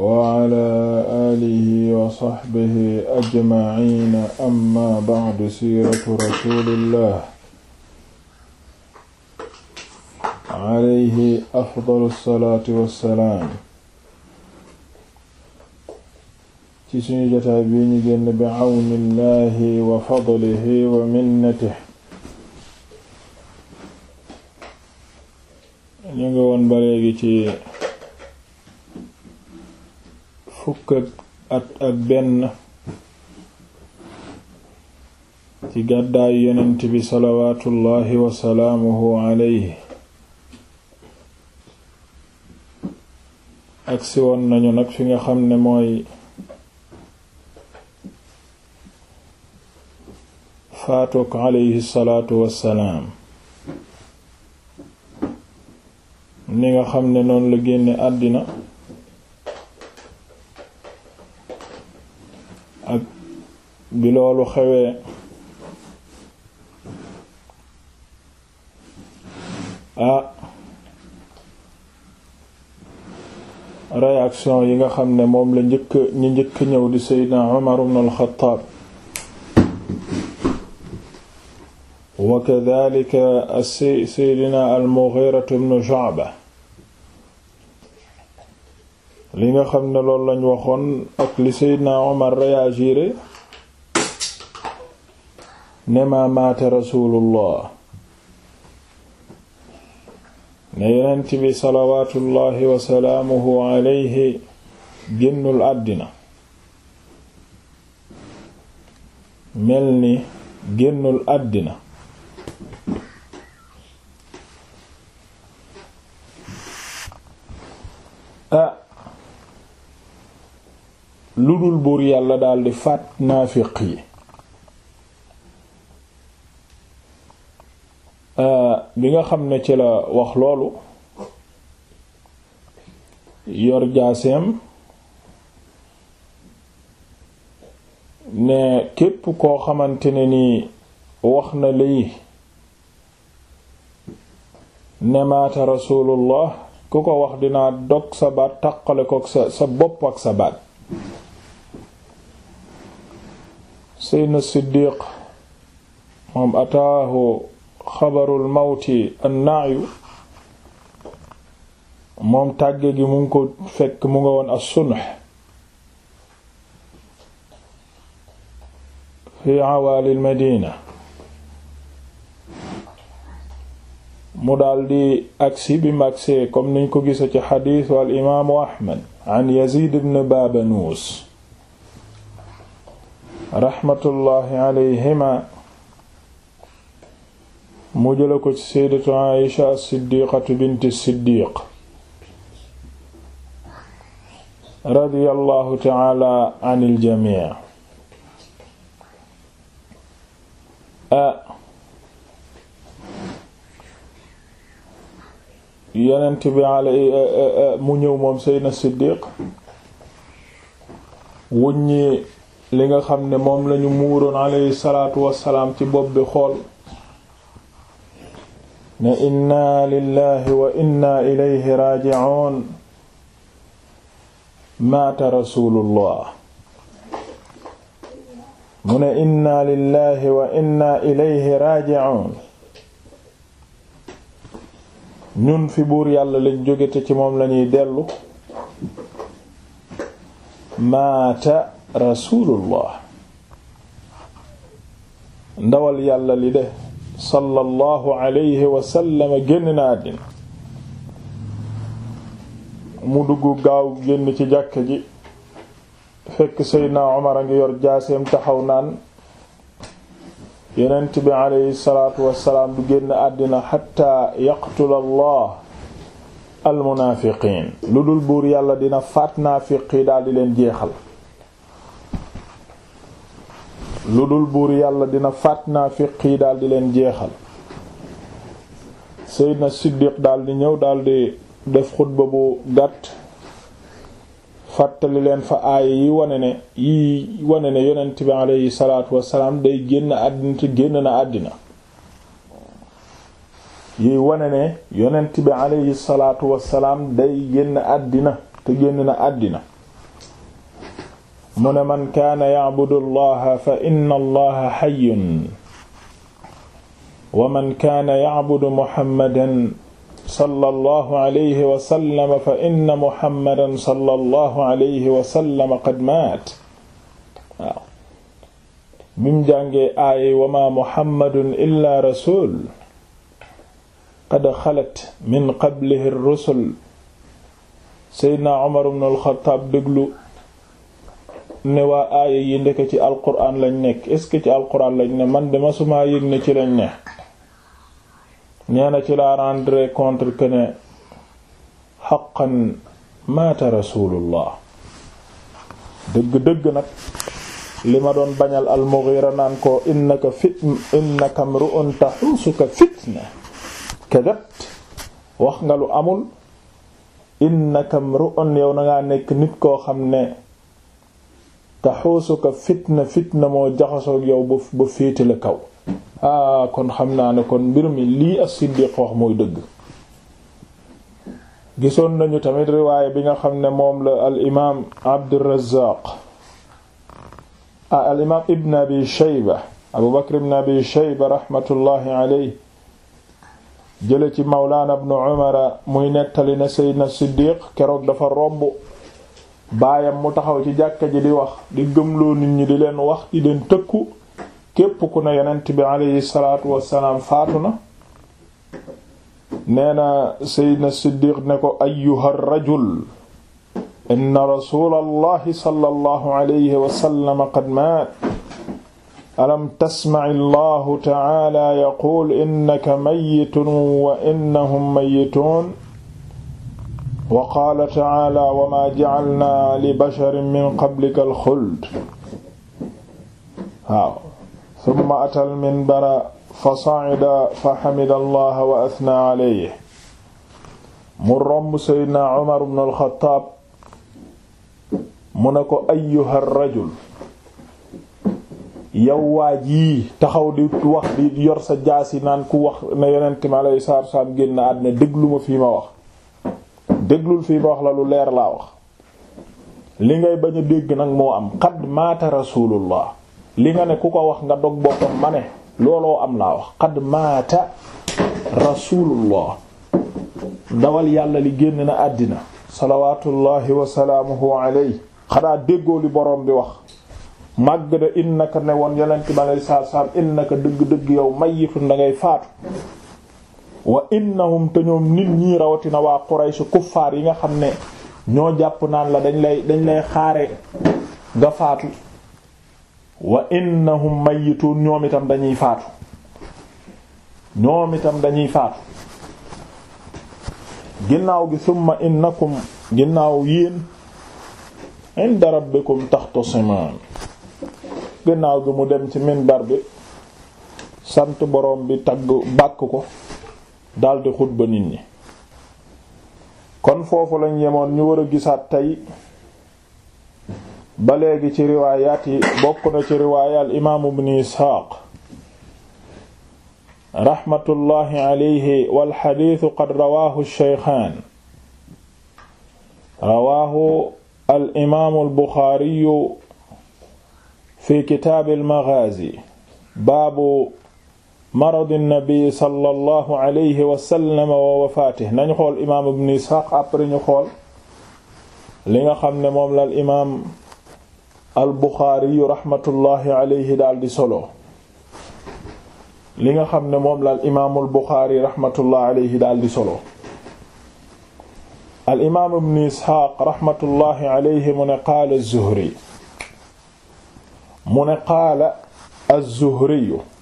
wa ala aalihi wa saxbihi ajmaciina amma bacdu siiratu rasuulillah alayhi afdalu salaatu wa salaam ci suñu jotaay bi ñu génn bi cawnillahi wa fukk at ak benn ci gàddaayu yonent bi salawaatullaahi wa salaamuhu alayhi agsi woon nañu nag fi nga xam ne mooy faatook alayhi salaatu wassalaam ni nga xam ne noonu la génne àddina bi loolu xewe ah yi nga xam ne moom la njëkk ñi njëkk ñëw di Seydina Umar ibn al-Khattab wa kadhalika Seydina al li nga xam ne loolu lañu waxoon ak li Seydina Umar réagir ne ma maata rasulullah ne yonent bi salawaatullahi wasalaamuhu alayhi génnul àddina mel ni génnul àddina ah. lu dul buur yàlla daldi faat naafiq yi bi nga xam ne ci la wax loolu yor ne képp koo xamante ne ni wax na lii ne maata rasulullah ku ko wax dinaa dog sa baat taqale ko sa sa bopp ak sa baat sayyidna siddiq moom ataahu xabarul mawti annaayu moom tàgge gi mu ngi ko fekk mu nga woon as-sunh fi awaali al-madina mu daldi agsi bi mu agsee comme niñ ko gisa ci xadiisu al imaamu ahmad an yazid ibn baabanuus raxmatullaahi alayhima mu jëla ko ci sayyidatu Aisha as-Siddiqatu bint as-Siddiq radiyallahu ta'ala anil jami' yonent bi mu ñëw moom sayyidna Siddiq wuññi li nga xam ne moom lañu muuroon alayhi salaatu wassalaam ci bopp bi xool ne inna lillahi wa inna ilayhi raaji'uun maata rasulullah mu inna lillahi wa inna ilayhi raaji'uun ñun fi buur yàlla lañ jóge te ci moom lañuy dellu maata rasulullah ndawal yàlla li sallallahu alayhi wa sallam génn na àddina mu dugg gaaw génn ci jàkka ji fekk Seydina Omar a ngi yor jaaseem taxaw naan Yonent bi alayhi salaatu wassalaam du génn àddina xatta yaqtula Allah al lu dul buur yàlla dina faat naafiq yi daldi leen jeexal lu dul buur yàlla dina faat naafiq yi daldi leen jeexal na Siddiq daldi ñëw daldi def xutba bu gàtt fàttali leen fa aaya yi wane ne yi wane ne yonent bi aleyhi salaatu wasalaam day génn àddina te génn na àddina yi wane ne day génn àddina te génn na àddina mu ne man kaana yacbudu allaha fa inna allaha xayyun wa man kaana yacbudu muhammadan sallallahu alayhi wa sallam fa inna muhammadan sallallahu alayhi wa sallam qad maat waaw bim jàngee aayay wa maa muhammadun illaa rasul qad xalat min qablihi rusul seydna Umar ibn al-Xattaab déglu ne waa aaya yi ndeke ci alquran lañ nekk est ce que ci alquran lañ ne man dama suma yëg ne ci lañ ne nee na ci la rendre contre que ne xaqan maata rasulullah dëgg-dëgg nag lima doon bañal al-Mughira naan ko innaka fit innaka mru'un tahusuka fitna kadabt wax nga lu amul innaka mru'un yow na nekk nit koo xam ne taxuusuka fitna fitna moo jaxasoog yow ba ba kaw aa ah, kon xam naa ne kon mbir mi lii as-Siddiq wax mooy dëgg gisoon nañu tamit riwaaya bi nga xam ne moom la al imaam Abdurrazzaq ah, al imaam Ibn Abi Shayba Abu Bakr ci Mawlaana Ibn Umar muy nettali na Seydina Siddiq keroog dafa romb baayam mu taxaw ci jàkka ji di wax di gëmloo nit ñi di leen wax di leen tëkku képp ku ne yonent bi aleyhi salaatu wassalaam faatu na nee na seydna siddiq ne ko ayyuha rajul inna rasula allahi sallallahu alayhi wasallam qad maat alam tasmaci allahu taala yaqul innaka mayitun wa innahum mayitun wa qaala taala wa ma ja'alna li basharin min qablika alxuld waaw summa atal minbara fa sa'ida fa xamida allah wa athna alayhi mu romb seydna umar bnu alxataab mu ne ko ayyuha rajul yow waa jii taxaw di wax di yor sa jaasi naan ku wax na yonent mi alayhi salaatu wa salaam génn àddina déglu ma fii ma wax déglul fii ma wax la lu leer laa wax li ngay bañ dégg nag moo am xad maata rasulullah li nga ne ku ko wax nga dog boppam ma ne looloo am laa wax xad maata rasulullah dawal yàlla li génn na àddina salawatullahi wasalaamuhu alayhi xanaa déggoo li borom bi wax màgg da innaka ne woon yeneen ci ma lay saar saar innaka dëgg-dëgg yow mayyitun da ngay faatu wa innahum te ñoom nit ñi rawatina waa Quraysh kuffaar yi nga xam ne ñoo jàpp naan la dañ lay dañ lay xaare nga faatu wa innahum mayitun ñoom itam dañuy faatu ñoom itam dañuy faatu ginnaaw gi summa innakum ginnaaw yéen inda rabbikum taxtasimaan ginnaaw gi mu dem ci minbar bi sant borom bi tagg bàkk ko daldi xutba nit ñi kon foofu lañ yemoon ñu war a gisaat tey ba léegi ci riwaayaat yi bokk na ci riwaaya al imaam ibnu isxaaq raxmatullahi alayhi wal xadiisu qad rawaahu shaykhaan rawaahu al imaamu al buxaariyu fi kitaabil maghaazi baabu maradi nabi sallallahu alayhi wa sallam wa wafaatihi nañu xool imaam ibn Isxaaq après ñu xool li nga xam ne moom la al imaam al Buxaari rahmatullahi alayhi daal di solo li nga xam ne moom la al imaamul Buxaari rahmatullahi alayhi daal di solo al imaam ibn Isxaaq rahmatullahi alayhi mu ne qaala az-Zuhri mu ne qaala az-Zuhri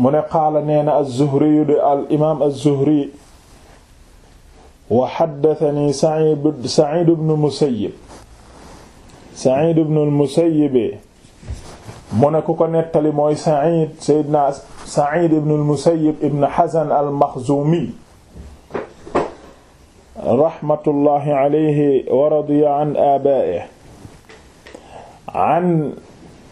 mu ne qaala nee na az-Zuhri yu de al imaam az-Zuhri wa haddathani Sa'id Sa'id ibn Musayyib Sa'id ibn al-Musayyib mu ne ku ko nettali mooy Sa'id Seydina Sa'id ibn al-Musayyib ibn Hazn al-Makhzumi rahmatullahi alayhi wa radiya an abaa'ihi an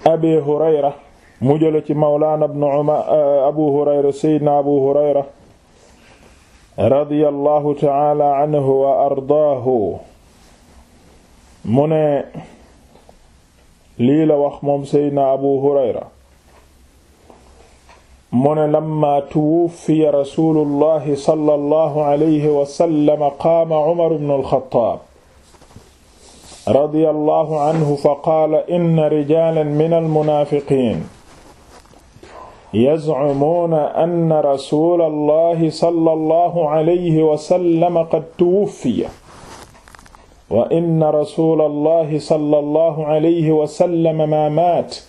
Abi Hurayra mu jële ci mawlaana ibn Umar eh, abu hurayra sayyidina abu hurayra radiyallahu ta'ala anhu wa ardaahu mu ne lii la wax moom sayyidina abu hurayra mu ne lamma tuwuffiya rasuulullahi sallallahu alayhi wa sallam qaama Umar ibn al-Khattaab radiyallahu anhu fa qaala inna rijaalan mina al-munaafiqiin yazcumuuna anna rasuulallahi sallallahu alayhi wa sallam qad tuwuffiya wa inna rasuulallahi sallallahu alayhi wa sallam maa maat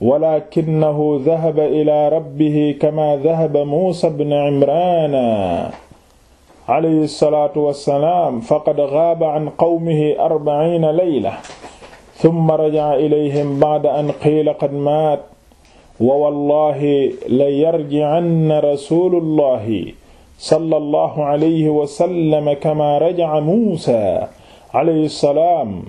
walakinahu dahaba ila rabbihi kama dahaba muusa bna imraana alayhi salaatu wa salaam faqad gaaba an qawmihi arbaciina layla summa rajaca ilayhim bacda an qiila qad maat wa wallahi la yarji'anna rasulullahi sallallahu alayhi wa sallam kama raja'a Muusa alayhi salaam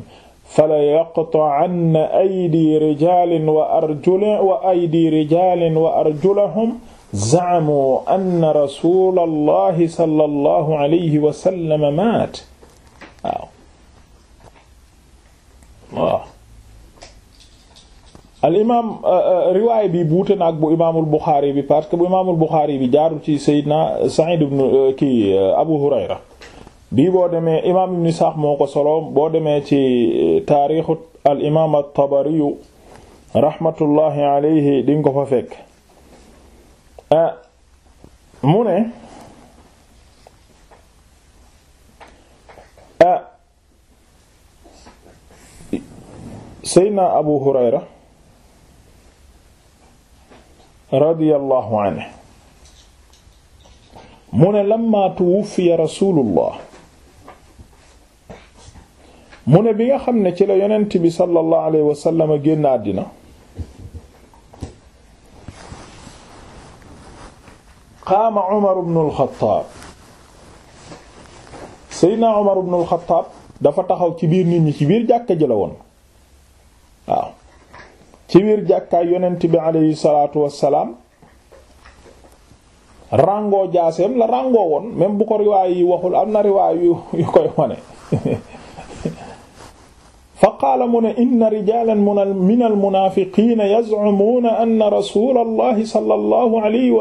fala yaqta'anna aydi rijaalin wa arjula wa aydi rijaalin wa arjulahum za'amu anna rasulallahi sallallahu alayhi wa sallam maat waaw al euh, euh, riwaay bi buute na ak bu imaamul Buxaari bi parce que bu imaamul Buxaari bi jaaru ci Seydina Saïd ibn euh, Abu Hurayra bii boo demee imaam Ibn Isxaaq moo ko solo boo demee ci taarixu al imaam rahmatullahi alayhi di nga ko fa fekk mu Abu Hurayra radiyallahu anhu mu ne lamma tuwuffiya rasulullah mu ne bi nga xam ne ci la yonent bi sallallahu alayhi wa sallam génn àddina qaama Umar ibn al-Khattab Seydina Umar ibn al-Khattab dafa taxaw ci biir nit ñi ci biir jàkka ji la woon ci biir jàkkaay yonent bi aleyhi salaatu wassalaam jaaseem la ràngoo woon même bu ko waxul am na riwaay yu koy wane fa qaala mu ne inna min almunaafiqina yazcumuuna anna rasula allahi sallallahu alayhi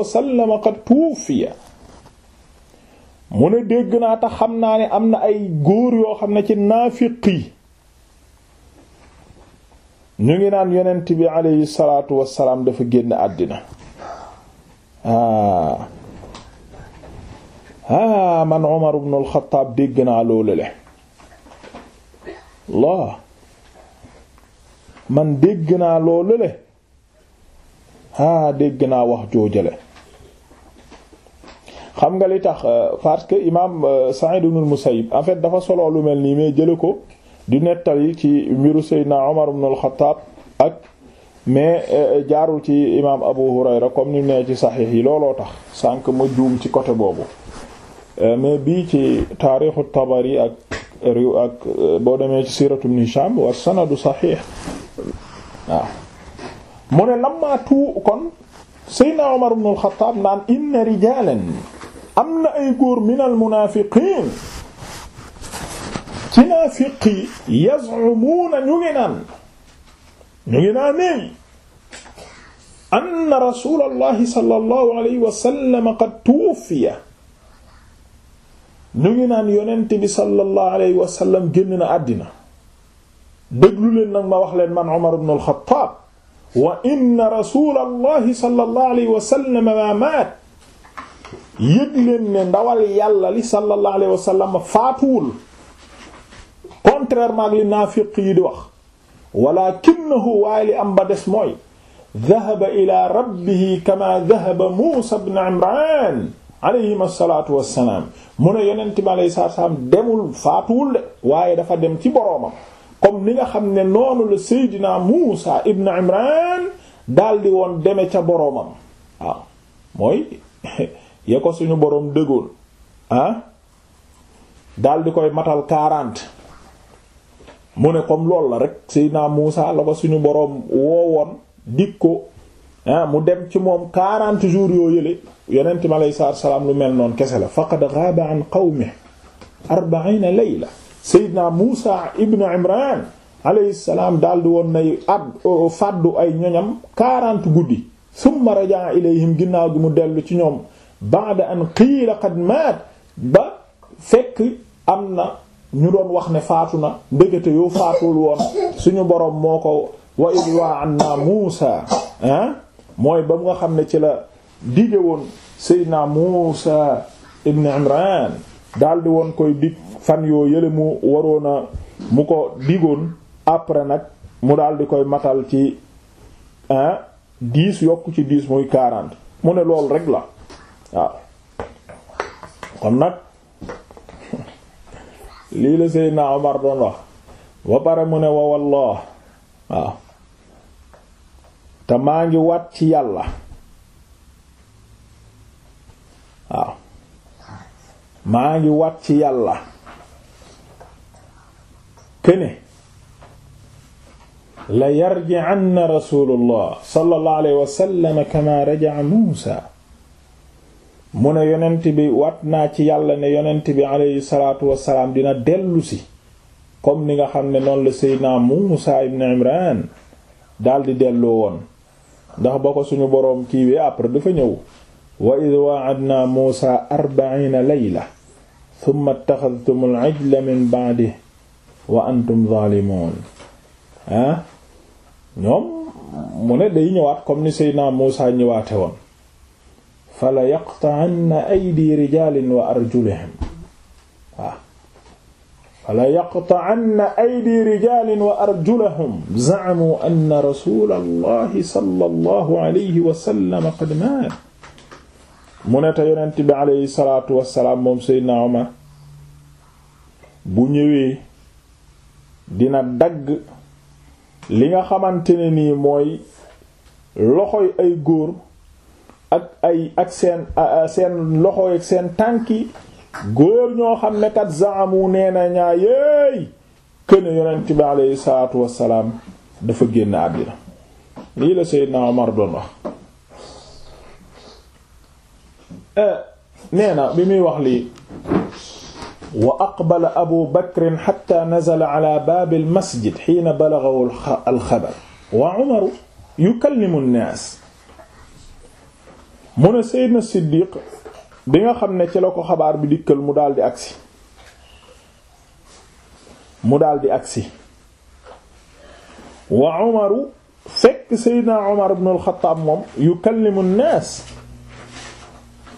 wa qad tuwuffiya mu ne dégg naa xam naa ne am na ay góor yoo xam ne ci naafiqi ñu ngi naan yonent bi aleyhi salaatu wassalaam dafa génn àddina ah ah man Umar ibn al dégg naa loolu le laa man dégg naa loolu le ah dégg naa wax joojale xam nga li tax euh, parce que imaam euh, Sa'id ibn al-Musayyib en dafa solo lu mel nii mais jële ko di nettali ci mbiru Seydina Omar ibn al-Khattab ak mais eh, eh, jaarul ci imaam Abu Hurayra comme ni nee ci saxiix yi looloo tax sànq ma juum ci côté boobu eh, mais bii ci taarixu Tabari ak riw ak boo demee ci siiratu Ibn Hisham wa sanadu saxiix waaw mu tuu kon Seydina Omar ibn al naan inna rijaalan am na ay góor minal ci naafiq yi yaz'umuuna ñu ngi naan ñu ngi naan ne anna rasulallahi sallallahu alayhi wa sallam qad tuwuffiya ñu ngi naan yonent bi sallallahu alayhi wa sallam génn na àddina déglu leen nag ma wax leen man Umar ibn al-Khattab wa inna rasulallahi sallallahu alayhi wa sallam ma maat yëg leen ne ndawal yàlla li sallallahu alayhi wa sallam faatuwul contrairement ak yi di wax walakinahu waaye li des mooy dahaba ila rabbihi kama dahaba de waaye dafa dem ci boroomam comme ni nga xam ne noonu la Seydina Muusa ibn Imraan daldi woon deme ca boroomam mooy ya ko suñu boroom dëggoon ah, daldi koy matal 40 mu ne comme loolu la rek Seydina Muusa la suñu boroom woowoon dig ko ah, mu dem ci moom 40 jours yoo yële yonent mi salaam lu mel noonu kese la faqad ghaaba an qawmihi arba'iina layla Seydina Muusa ibn Imraan daldi woon nay ad fàddu ay ñoñam guddi summa raja'a ilayhim ginnaaw gi mu dellu ci ñoom ba'da an qiila qad maat ba fekk am na ñu doon wax ne faatu na ndekete yoo faatuwul woon suñu boroom moo ko wa id wa anna Muusa ah mooy ba mu nga xam ne ci la dige woon naa Muusa ibn Imran daldi woon koy dig fan yoo yële mu mu ko digoon après nag mu daldi koy matal ci ah dix yokk ci dix muy quarante mu ne loolu rek la waaw kon nag lii la Seydina Omar doon wax ba pare mu ne wa wallah waaw te maa ngi wat ci yàlla waaw maa ngi wat ci yàlla këne la yarji'anna rasulullah sallallahu alayhi wa sallam kama raja'a Musa mu ne yonent bi wat naa ci yàlla ne yonent bi aleyhi salaatu wassalaam dina si comme ni nga xam ne noonu la seydna Muusa ibn Imran daldi delloo woon ndax ba ko suñu boroom kiiwee après dafa ñëw wa id wa'adna Muusa arba'iina layla thumma ittakhadhtumul 'ijla min ba'dihi wa antum zalimun ah? ñoom mu ne day ñëwaat comme ni seydna Muusa ñëwaate woon fala yaqta'anna aydi rijaalin wa arjulihim waaw fala yaqta'anna aydi rijaalin wa arjulahum za'amuu anna rasuulallahi sallallahu alayhi wa sallam qad maat mu ne te yonent bi alayhi salaatu wa salaam moom Seydina Umar bu ñëwee dina dagg li nga xamante ne nii mooy loxoy ay góor. ak ay ak seen seen loxo ak seen tànki góor ñoo xam ne kat zaamu nee na ñaa yéey kën yonent bi aleyhi salaatu wassalaam dafa génn àddina lii la Seydina Omar doon wax eh, nee na bi muy wax lii wa aqbala abu bakrin xatta nazala ala baabil masjid xiina balagahu alxabar wa Umaru yukallimu nnaas mu ne Seydina Siddiq bi nga xam ne ci la ko xabaar bi dikkal mu daldi agsi mu daldi agsi wa Umaru fekk Seydina Umar ibn al moom yukallimu an-nas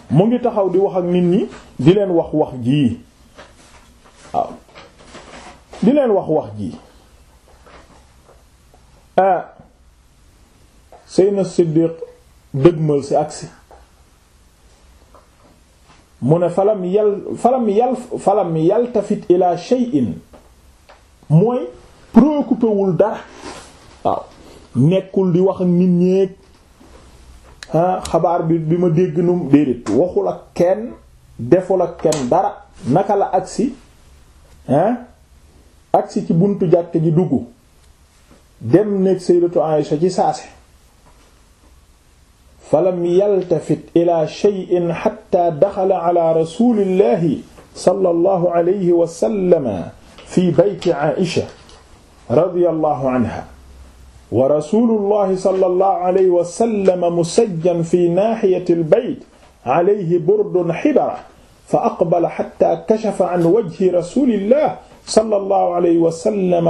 mu ngi taxaw di wax ak nit ñi di leen wax wax jii waaw di leen wax wax jii ah Seydina Siddiq dëgmal si agsi mu ne falam yal falam yal falam yaltafit ila shay'in mooy préoccupé dara waaw nekkul di wax nit ñeeg xabaar bi bi ma dégg num déedéet waxul ak kenn deful ak kenn dara naka la agsi agsi ci buntu jàkk ji dugg dem nekk sayyidatu Aisha ci saase falam yaltafit ila shay'in hatta daxala ala rasulillahi sallallahu alayhi wa sallam fi bayti Aïcha radiyallahu anha wa rasulullahi sallallahu alayhi wa sallam musajjan fi naahiyati al-bayt alayhi burdun hibara fa aqbala hatta kashafa an wajhi rasulillahi sallallahu alayhi wa sallam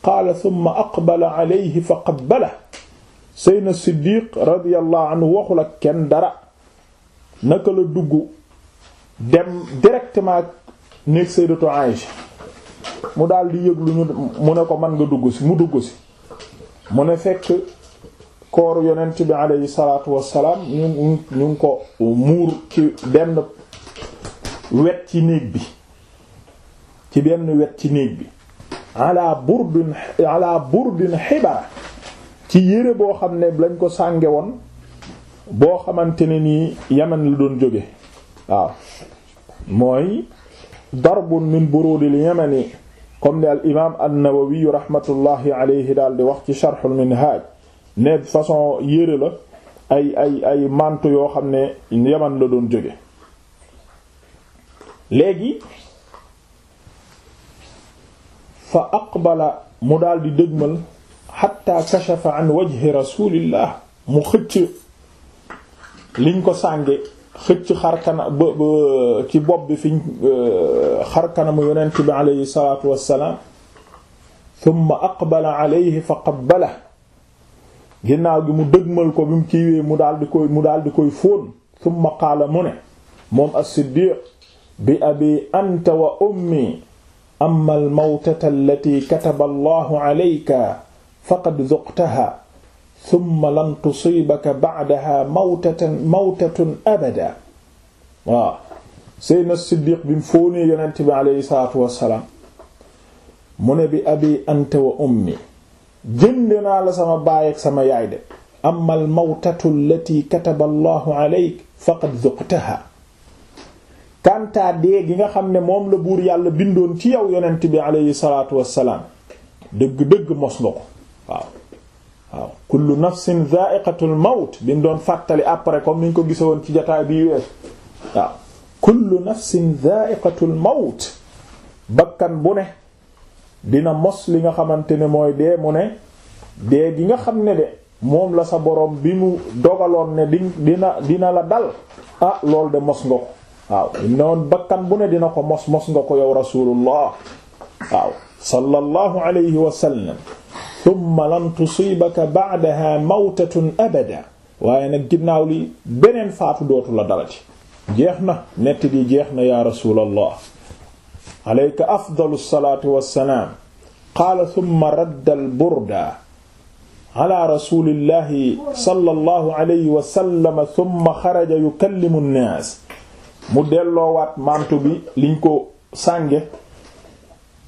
qaala thumma aqbala alayhi fa qabbalahu Seyna Siddiq radiyallahu anhu waxul ak kenn dara naka la dugg dem directement néeg Sayyidatu Aïsha mu daal di yëg lu ñu mu ne ko man nga dugg si mu dugg si mu ne fekk kooru yonent bi alayhi salaatu wassalaam ñu ñu ngi ko muur ci benn wet ci néeg bi ci benn wet ci néeg bi ala burdin ala burdin xibara ci yére boo xam ne lañ ko sànge woon boo xamante ne nii yaman la doon jóge waaw mooy darbun min buruudil yamani comme ni al imaam an-Nawawi rahmatullahi alayhi daal di wax ci sharhul minhaj ne façon yére la ay ay yoo xam ne yaman la doon jóge léegi fa aqbala mu daldi di xatta kashafa an wajhi rasulillah mu xëcc liñ ko sànge xëcc xarkana ba ci bopp bi fiñ euh, xarkanamu yonent bi alayhi salaatu wassalaam thumma aqbala alayhi fa qabbala ginnaaw gi mu dëgmal ko bi mu kiiwee mu daal di koy mu daal di koy fóon thumma qaala mu ne moom as-siddiq bi abi anta wa ummi amma al-mawtata allati kataba allahu alayka faqad duqtaha thumma lan tusibaka ba'daha mawtatan mawtatun abada waaw seydna siddiq bi mu fóonee yonent bi aleyhi salaatu wassalaam mu ne bi abi anta wa ummi jënd naa la sama baay ak sama yaay de amma al mawtatu allati kataba allahu aleyk faqad duqtaha kantaa dee gi nga xam ne moom la buur yàlla bindoon ci yow yonent bi aleyhi salaatu wassalaam dëgg-dëgg mos nga ko waaw kul kullu nafsin dha'iqatul maut bi doon fàttali après comme ni ñu ko gisoon ci jataay bii wees waaw kullu nafsin dha'iqatul maut bakkan bu ne dina mos li nga xamante ne mooy dee mu ne dee gi nga xam ne de moom la sa borom bi mu dogaloon ne di dina dina la dal ah loolu de mos nga ko waaw bakkan bu ne dina ko mos mos nga ko yow rasulullah waaw sallallahu alayhi wa thumma lan tusibaka ba'daha mawtatun abada waaye nag ginnaaw li beneen faatu dootu la dalati jeex na nett di jeex na yaa rasuulallah alayka afdalu salaatu wassalaam qaala thumma radda al burda ala rasulillahi sallallahu alayhi wa sallam thumma xaraja yukallimu nnaas mu delloowaat mantu bi liñ ko sànge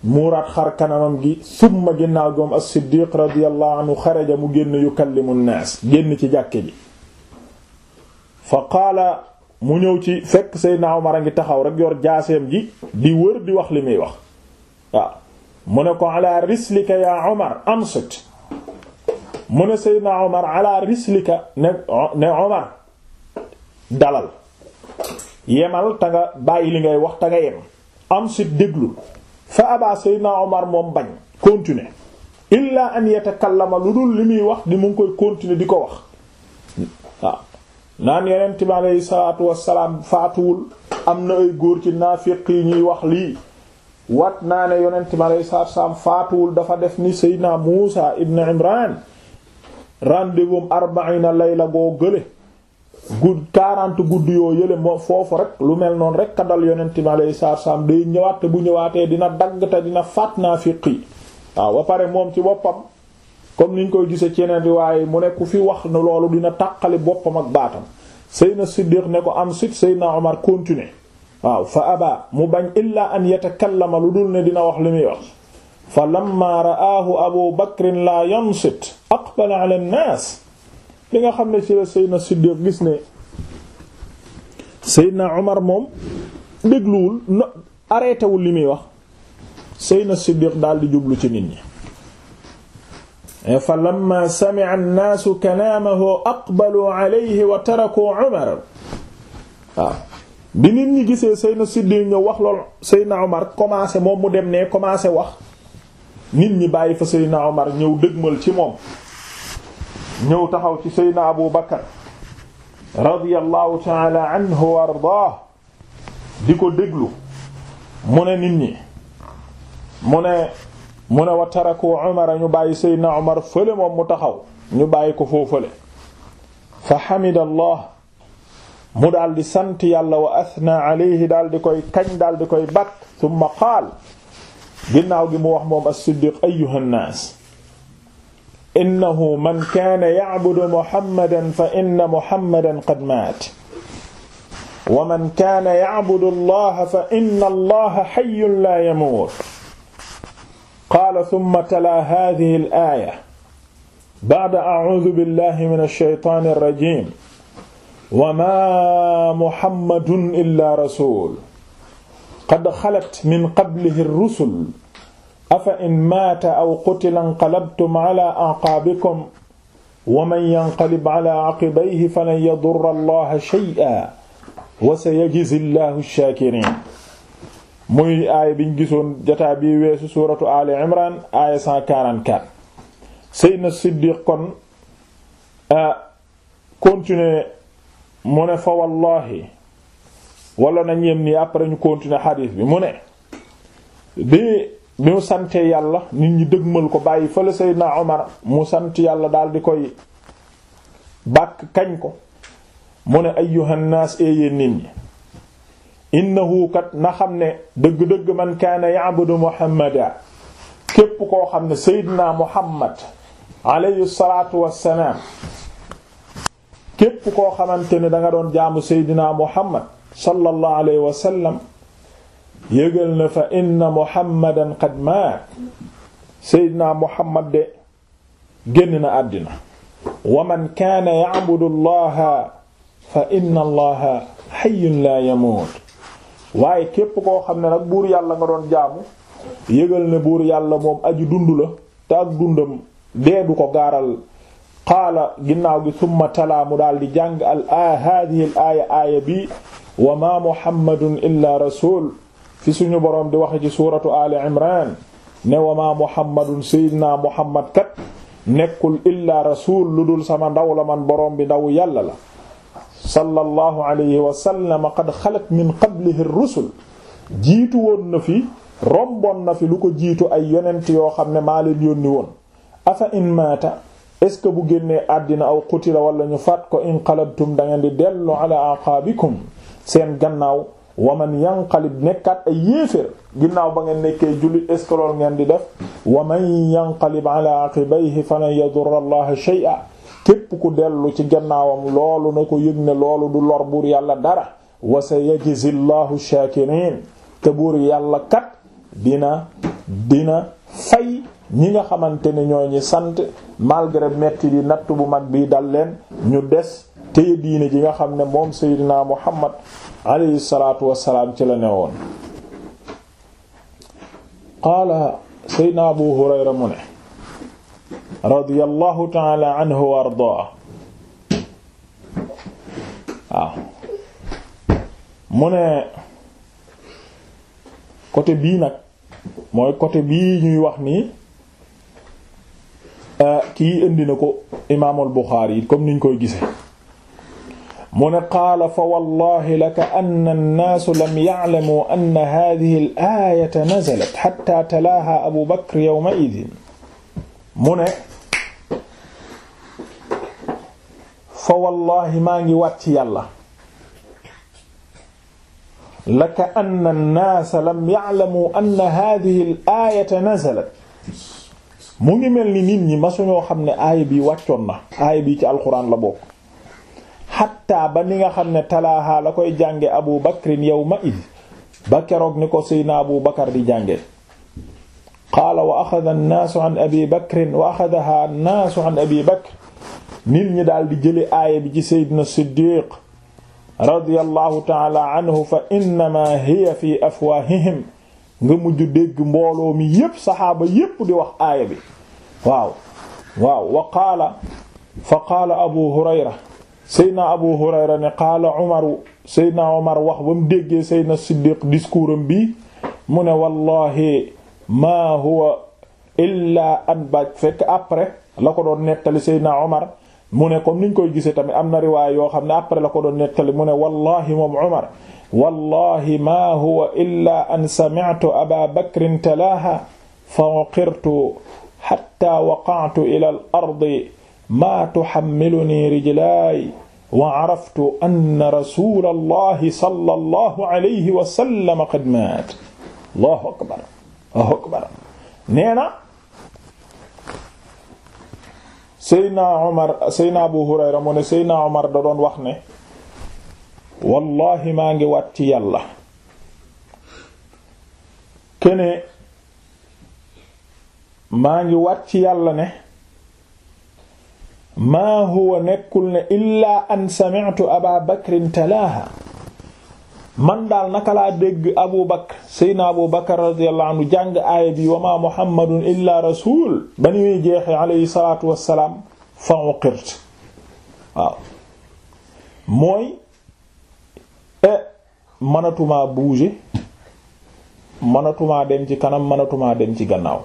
muuraat xar kanamam gi summa ginnaaw goom as-Siddiq radiyallahu xaraja mu génn yukallimu nnaas génn ci jàkke ji fa qaala mu ñëw ci fekk Seydina Umar a ngi taxaw rek yor jaaseem ji di wër di wax li muy wax waaw mu ne ko ala rislika ya Umar ansit mu ne Seydina Umar ala rislika ne ne Umar dalal yemal ta nga bàyyi li ngay wax ta nga yem ansit déglu fa aba sayyidna Omar moom bañ continuer illa an yatakallama lu dul li muy wax di mu ngi koy continuer di ko wax waaw naan yonent bi aleyhi faatuwul am na ay góor ci naafiq yi wax lii wat naa ne yonent bi aleyhi faatuwul dafa def ni sayyidna Muusa ibn Imran rendez-vous layla goo gële gudd quarante gudd yoo yële moo foofu rek lu mel noonu rek kadal yonent mi alayhi saam salaam ñëwaate bu ñëwaatee dina dagg te dina faat naafiq yi waaw ba pare moom ci boppam comme niñ koy gisee ci yeneen riwaay mu ne ku fi wax ne loolu dina tàqali boppam ak baatam Seydina Siddiq ne ko am sit Seydina Omar continuer waaw fa aba mu bañ illaa an yatakallama lu dul ne dina wax li muy wax fa lamma ra'aahu Abu Bakr laa yansit aqbala ala naas li nga xam ne ci la Seydina Siddiq gis ne Seydina Omar moom dégluwul no arrêté wul li muy wax Seydina Siddiq daal di jublu ci nit ñi fa lamma sami'a an-naasu kalaamahu aqbaluu alayhi bi nit ñi gisee Seydina Siddiq ñëw wax lool Seydina Omar commencé moom mu dem ne commencé wax nit ñi bàyyi fa Seydina Omar ñëw dëgmal ci moom ñëw taxaw ci seydna abu bakar radiyallahu taala di ko déglu mu ne nit ñi mu ne mu ne wa taraku umara ñu bàyyi seydna umar fële moom mu taxaw ñu bàyyi ko foofale fa xamida allah mu daldi di sant yàlla wa athna alayhi daal koy kañ daal di koy bakk tumma qaal ginnaaw gi mu wax moom as-siddiq ayyuha nnaas innahu man kaana ya'budu muhammadan fa inna muhammadan qad maat wa man kaana ya'budu allaha fa inna allaha hayyun laa yamuut qaala thumma talaa haadhihi al-aaya ba'da a'uudhu billahi mina shaytaani rajiim wa maa muhammadun illaa rasuul qad khalat min qablihi ar-rusul afa in maata aw qutila inqalabtum ala aqaabikum wa man yanqalib ala aqibayhi falan yadurra allaha shay'an wa sayajzi allahu ash-shaakiriin muy aaya biñ gisoon jataa bi weesu suuratu ali imran aaya 144 seydna siddiq kon continuer mu ne fa wallahi wala nañ yem ni après ñu continuer xadiis bi mu ne bi bi mu santee yàlla nit ñi dëgmal ko bàyyi fële Seydina Omar mu sant yàlla daal di koy bàkk kañ ko mu ne ayyuhan naas yéen nit ñi innahu kat na xam ne dëgg-dëgg man kaana ya'budu muhammada képp koo xam ne Seydina Muhammad alayhi salaatu wassalaam képp koo xamante ne da nga doon jaamu Seydina Muhammad sallallahu alayhi wa sallam yëgal na fa inna muhammadan qad maat seydina muhammad de génn na àddina wa man kaana ya'budu allaha fa inna allaha hayyun la yamut waaye képp koo xam ne nag buur yàlla nga doon jaamu yëgal buur yàlla moom aji dund la dundam dee ko gaaral qaala ginnaaw gi summa talaa mu daal di jàng al aaya bi wa ma muhammadun illa rasul fi suñu boroom di waxe ci suuratu ali imran ne wa maa muhammadun sayyidina muhammad kat nekkul illaa rasul lu dul sama ndaw la man borom bi ndaw yàlla la sallallahu alayhi wa sallam qad xalat min qablihi rusul jiitu woon na fi romboon na fi lu ko jiitu ay yonent yoo xam ne maa leen yónni woon afa in maata est-ce que bu génnee àddina aw qutila walla ñu fat ko inqalabtum da ngeen di dellu ala aqaabikum seen gannaaw wa man yanqalib nekkaat ay yéeféer ginnaaw ba ngeen nekkee jullit est ngeen di def waman yanqalib ala aqibayhi fa yadurra allaha shay'a képp ku dellu ci gannaawam loolu na ko yëg ne loolu du lor buur yàlla dara wa sa yajzi llahu shakirin te buur yàlla kat dina dina fay ñi nga xamante ne ñoo ñi sant malgré metti di natt bu mag bi dal leen ñu des te diine ji nga xam ne moom seydinaa muhammad alayhi salaatu salaam ci la ne woon qaala seydna abu hurayra mu ne radiyallahu taala anhu wa ardaa waaw mu ne côté bii nag mooy côté bii ñuy wax nii eh, kii indi na ko imaamul Buxaari comme niñ koy gise mu ne qaala fa wallahi laka anna annaasu lam ya'lamu anna haadihi al-aayata nazalat hatta talaaha Abu Bakr yawma idin mu ne fa wallahi maa ngi waat ci yàlla laka anna annaasa lam ya'lamu anna haadihi al-aayata nazalat mu ngi mel ni nit ñi masuñoo xam ne aaya bi wàccoon na aaya bi ci alquran la bokk xatta ba ni nga xam ne talaaha la koy jànge abu bakrin yawma id ba keroog ni ko seyna abu bakar di jànge qaala wa axada annaasu an bakr nit ñi daal di jëli aaya bi ci seydina siddiq radiyallahu taala anhu fa innama hiya fi afwaahihim nga mujj dégg mbooloo mi yépp saxaaba yépp di wax aaya bi waaw waaw wa abu hurayra seydna abu hurayra ne qaala umaru seydna omar wax ba mu déggee seydna siddiq discours am bi mu ne wallahi maa huwa illaa an ba fekk après la ko doon nettali seydna omar mu ne comme niñ koy gisee tamit am na riwaay yoo xam ne après la ko doon nettali mu ne wallahi moom omar wallahi maa huwa illaa an sami'tu aba bakrin talaaha fa uqirtu hatta waqa'tu ila al ardi maa tuhammiluni rijlaay wa araftu anna rasulallahi sallallahu alayhi wa sallam qad maat allahu akbar allahu akbar nee na Seydina Omar Seydina Abu Hurayra mu ne Seydina Omar da doon wax ne wallahi maa ngi waat ci yàlla kene maa ngi waat ci yàlla ne maa huwa nekkul ne illaa an sami'tu aba bakrin talaaha man daal naka laa dégg abu bakr seydna abu bakr radiyallahu anhu jàng aaya bi wa maa muhammadun illaa rasul ba ni muy jeexe alayhi salaatu wassalaam fa uqirt waaw mooy e, mënatumaa bouger mënatumaa dem ci kanam mënatumaa dem ci gannaaw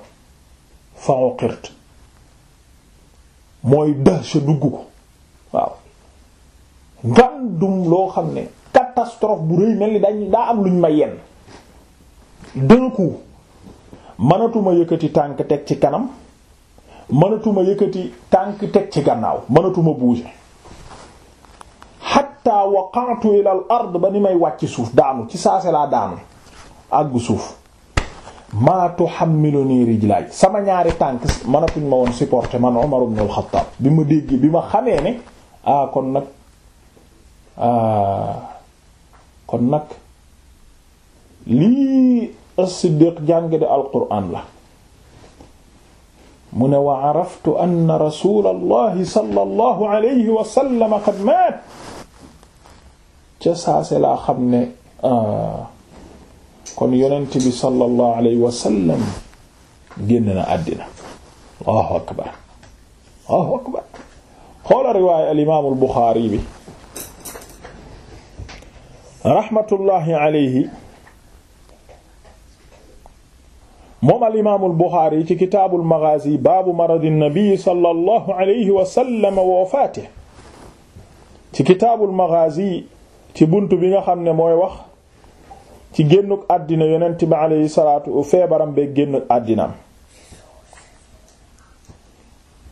fa uqirt mooy dahsha dugg ko waaw ngandum loo xam ne catastrophe bu rëy mel ni dañ daa am luñ ma yenn d'un coup mënatuma yëkkati tànk teg ci kanam mënatuma yëkkati tànk teg ci gannaaw mënatuma bouger hatta waqa'tu ila al ard ba ni may wàcc suuf daanu ci saase laa daanu àggu suuf maa tuhammiluni rijlaay sama ñaari tànk mënatuñ ma woon supporter man Umar ibn al-Khattab bi ma dégg bi ma xamee ne ah kon nag ah kon nag lii as-Siddiq jàng de al-Qur'an la mu ne wa araftu anna rasulallahi sallallahu alayhi wa sallam qad maat ca saase laa xam ne ah kon yonent bi sallallahu alayhi wa sallam génn na àddina allahu akbar allahu akbar xoola riwaaya al imaam al Buxaari bi raxmatullahi alayhi moom al imaam al Buxaari ci kitaabul maghaazi baabu maradi nabi sallallahu alayhi wa sallam wa wafaatihi ci kitaabul maghaazi ci buntu bi nga xam ne mooy wax ci génnuk àddina yonent bi alayhi salaatu feebaram bee génnuk àddinaam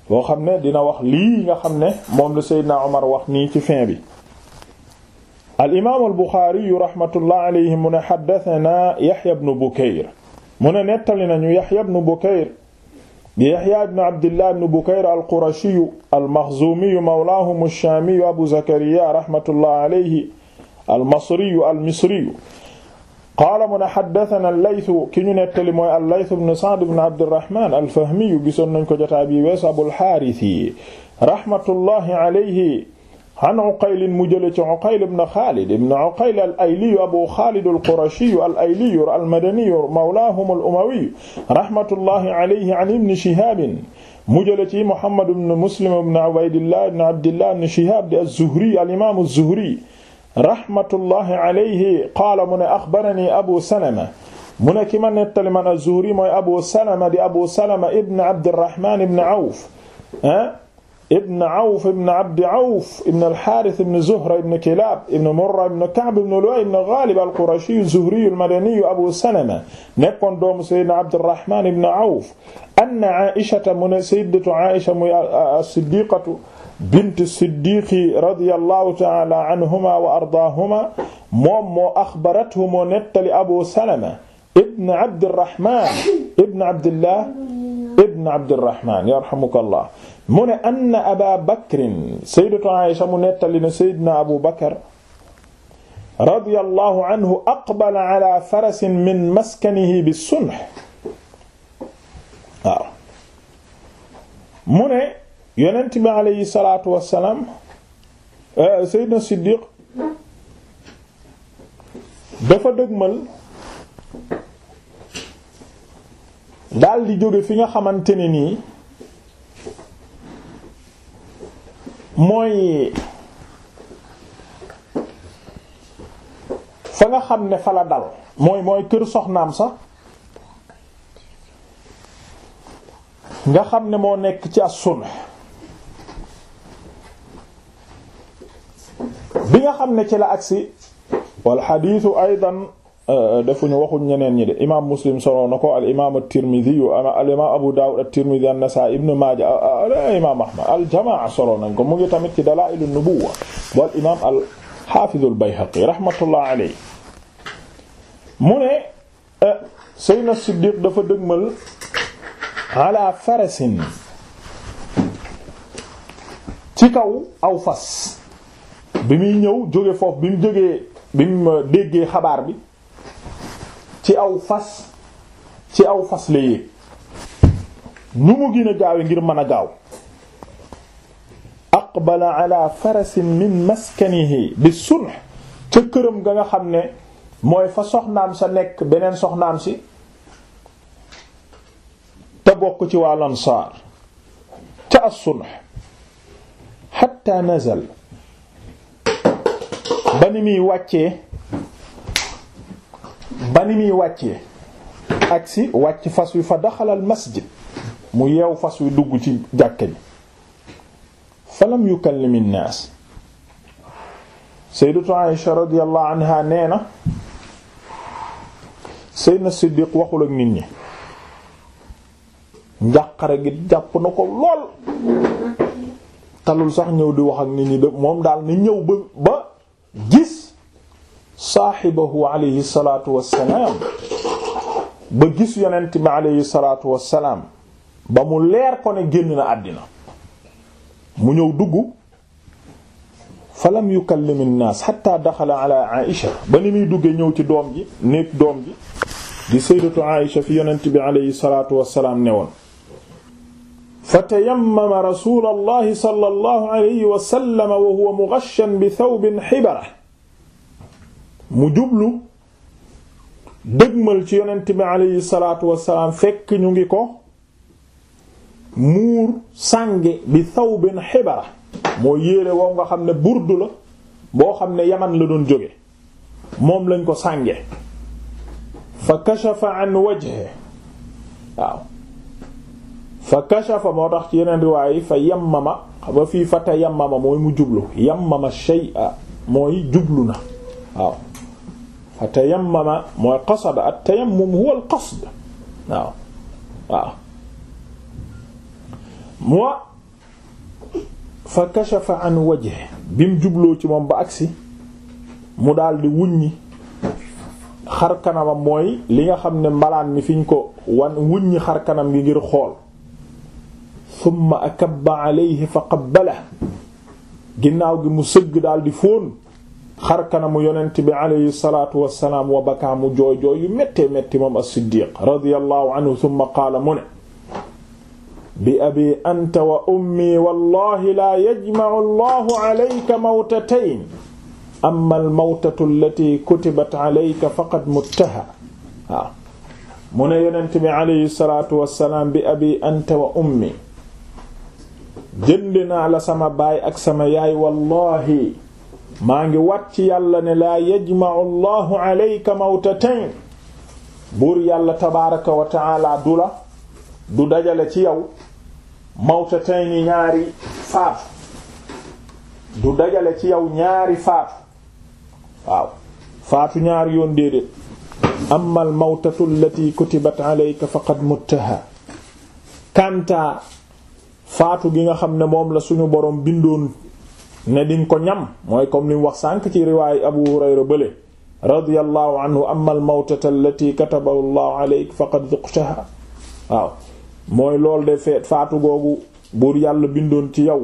boo xam ne dina wax lii nga xam ne moom la Seydina Omar wax nii ci fin bi al imaam al Buxaari rahmatullah alayhi mu ne xaddatanaa Yaxya bnu Bukayr mu nettali nañu Yaxya bnu Bukayr di Yaxya bnu Abdillah al Qurashiyu al Maxzuumiyu mawlaahum ash-Shaamiyu Abu Zakariya rahmatullah alayhi al Masriyu al Misriyu qaala mu ne xaddatana allaytu ki ñu nettali mooy allaytu bnu saad bnu abdirahman alfahmiyu gisoon nañ ko jotaa bi wees abulxaaris yi rahmatullahi alayhi an uqaylin mu jële ci uqayl bnu xaalid bnu uqayl al ayliyu abu xaalid alqurashiyu al ayliyu almadaniyu mawlaahum al umawiyu rahmatullahi alayhi an ibni shihaabin mu jële ci muhammad bnu muslim bnu ubaydillah bnu abdillah bnu shihaab di azzuhri al imaamu azzuhri rahmatullahi alayhi qaala mu ne axbarani abu salama mu ne ki ma nettali man az-Zuhri mooy abu salama di abu salama ibn abdirahman ibn awf ah ibn Awf ibn Abdi Awf ibn al-Haaris ibn Zuhra ibn Kilaab ibn Murra ibn Ka'b ibn Lu'ay ibn Ghaalib al-Qurashi az-Zuhri al-Madani Abu Salama nekkoon doomu Sayyidina Abdurrahmaan ibn Awf anna Aa'ishata mu ne Sayyidatu Aa'isha muy as-Siddiqatu bint as-Siddiqi radiyallahu ta'ala anhuma wa ardaahuma moom moo axbarathu moo nettali Abu Salama ibn Abdurrahmaan ibn Abdillah ibn Abdurrahmaan yarhamukallah mu ne anna aba bakrin sayyidatu Aisha mu nettali ne sayyidina abu bakar radiyallahu anhu aqbala ala farasin min maskanihi bi sunx waaw mu ne yonent bi alayhi salaatu wassalaam eh, sayyidina siddiq dafa dëgmal daal di jóge fi nga xamante ne nii mooy fa nga xam ne fa la dal mooy mooy kër soxnaam sax nga xam ne moo nekk ci as-sulh bi nga xam ne ci la agsi wal xadiisu aydan Euh, euh, defuñu waxuñ ñeneen ñi de imaam muslim solo na ko al imaam at-Tirmidhi al imaam Abu Dawud at-Tirmidhi an-Nasa'i ibn Majah al imaam Ahmad al jamaa solo nañ ko mu ngi tamit ci Dalaa'il an-Nubuwwa bu al imaam al Hafiz al-Bayhaqi rahmatullah alayhi mu ne euh, Sayyidina Siddiq dafa dëgmal ala farasin ci kaw aw fas bi muy ñëw jóge foofu bi mu jógee bi mu déggee xabaar bi ci aw fas ci aw fas la yéeg nu mu gën a gaawe ngir mën a gaaw aqbala ala farasin min maskanihi bi sunx ca këram ga nga xam ne mooy fa soxnaam sa nekk beneen soxnaam si te bokk ci waa lansaar ca as-sunx hatta nazal ba ni muy wàccee ba ni muy wàccee agsi wàcc fas wi fa daxalal masjid mu yeew fas wi dugg ci jàkka ji falam yukallimu nnaas sayyidatu Aisha radiyallahu anha nee na sayyidna Siddiq waxul ak nit ñi njàqare gi jàpp na ko lool talul sax ñëw di wax ak nit ñi de moom daal ni ñëw ba ba gis saaxibahu alayhi salaatu wassalaam ba gis yonent bi alayhi salaatu wassalaam ba mu leer ko ne génn na mu ñëw dugg fa lam yukallim an-naas xatta daxala ala Aïcha ba muy duggee ñëw ci doom ji doom ji di sayyidatu Aïcha fi yonent bi alayhi salaatu wassalaam ne woon fa tayammama rasuulullahi sallallahu alayhi wa sallam wa huwa mughashshan bi thawbin mu jublu dëgmal ci yonent bi aleyhi salaatu wassalaam fekk ñu ngi ko muur sànge bi thawbin xibara moo yéere wow nga xam ne burdu la boo xam ne yaman la doon jóge moom lañ ko sànge fa kashafa an wajhe waaw fa kashafa moo tax ci yeneen riwaay yi fa yammama ba fii fa te mooy mu jublu yammama shay'a mooy jublu na waaw tayammama mooy qasada at tayammum huwa al qasd waaw waaw moo fa kashafa an wajhi bi mu jubloo ci moom ba agsi mu daldi wuññi xar kanamam mooy li nga xam ne mbalaan mi fiñ ko wan wuññi xar kanam gi ngir xool thumma akabba alayhi fa qabbala ginnaaw gi mu sëgg daldi fóon xar kanamu yonent bi alayhi salaatu wassalaam wa bakaa mu jooy jooy yu méttee métti moom as-Siddiq radiyallahu anhu thumma qaala mu ne bi abi anta wa ummi wallahi laa yajma'u allahu alayka mawtatayn amma al-mawtatu allati kutibat alayka faqad muttaha waaw mu ne yonent bi alayhi salaatu wassalaam bi abi anta wa ummi jënd naa la sama baay ak sama yaay wallahi maa ngi wat ci yàlla ne laa yajma'u allahu alayka mawtatayn buur yàlla tabaaraka wa ta'ala du la du dajale ci yow mawtatayn ñaari faatu du dajale ci yow ñaari faatu faatu ñaari yoon déedéet amma al mawtatu kutibat alayka faqad muttaha kanta faatu gi nga xam ne moom la suñu borom bindoon ne diñ ko ñam mooy comme li mu wax sànk ci riwaay Abu Hurayra bële radiyallahu amma al mawtata allati katabahu alayk faqad duqtaha mooy lool de feet faatu googu buur yàlla bindoon ci yow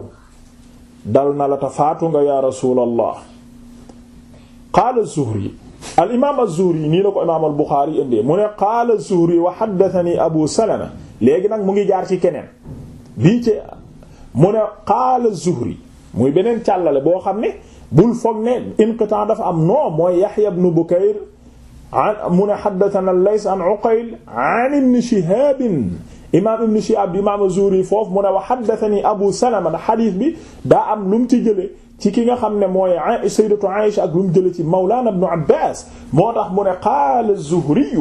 dal na la ta faatu nga ya rasulallah qaala zuhri al imaam az-zuhri nii la imaam al buxaari indee mu ne qaala zuhri wa haddathani abu salama léegi nag mu ngi jaar ci keneen bii ci mu ne qaala zuhri muy beneen càllale boo xam ne bul foog ne inqitan dafa am non mooy Yahya ibn Bukayr an mu ne haddathana Lays an Uqayl an ibn Shihab imam ibn Shihab imam Zuhri foofu mu ne wa haddathani Abu Salama xadiis bi daa am lu mu ci jëlee ci ki nga xam ne mooy sayyidatu Aïsha ak lu mu jële ci mawlana ibn Abbas moo tax mu ne qaala az-Zuhri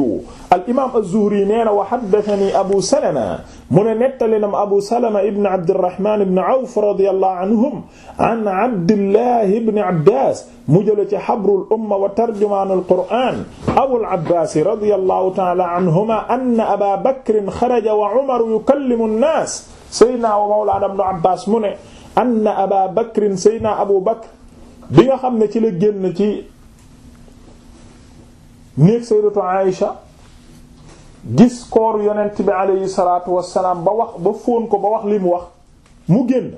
al imam az-Zuhri nee na wa haddathani Abu Salama mu ne nettali nam Abu Salama ibn Abdirrahman ibn Awf radiyallahu anhum an Abdillah ibn Abbas mu jële ci habrul umma wa tarjumanul Qur'an Abul Abbas radiyallahu ta'ala anhuma anna Aba Bakr kharaja wa Umar yukallimu an-nas sayyidina wa mawlana ibn Abbas mu ne anna aba bakrin seydna abu bakr bi nga xam ne ci la génn ci néeg sayyidatu aïsha gis koor yonent bi aleyhi salatu wasalaam ba wax ba fóon ko ba wax li mu wax mu génn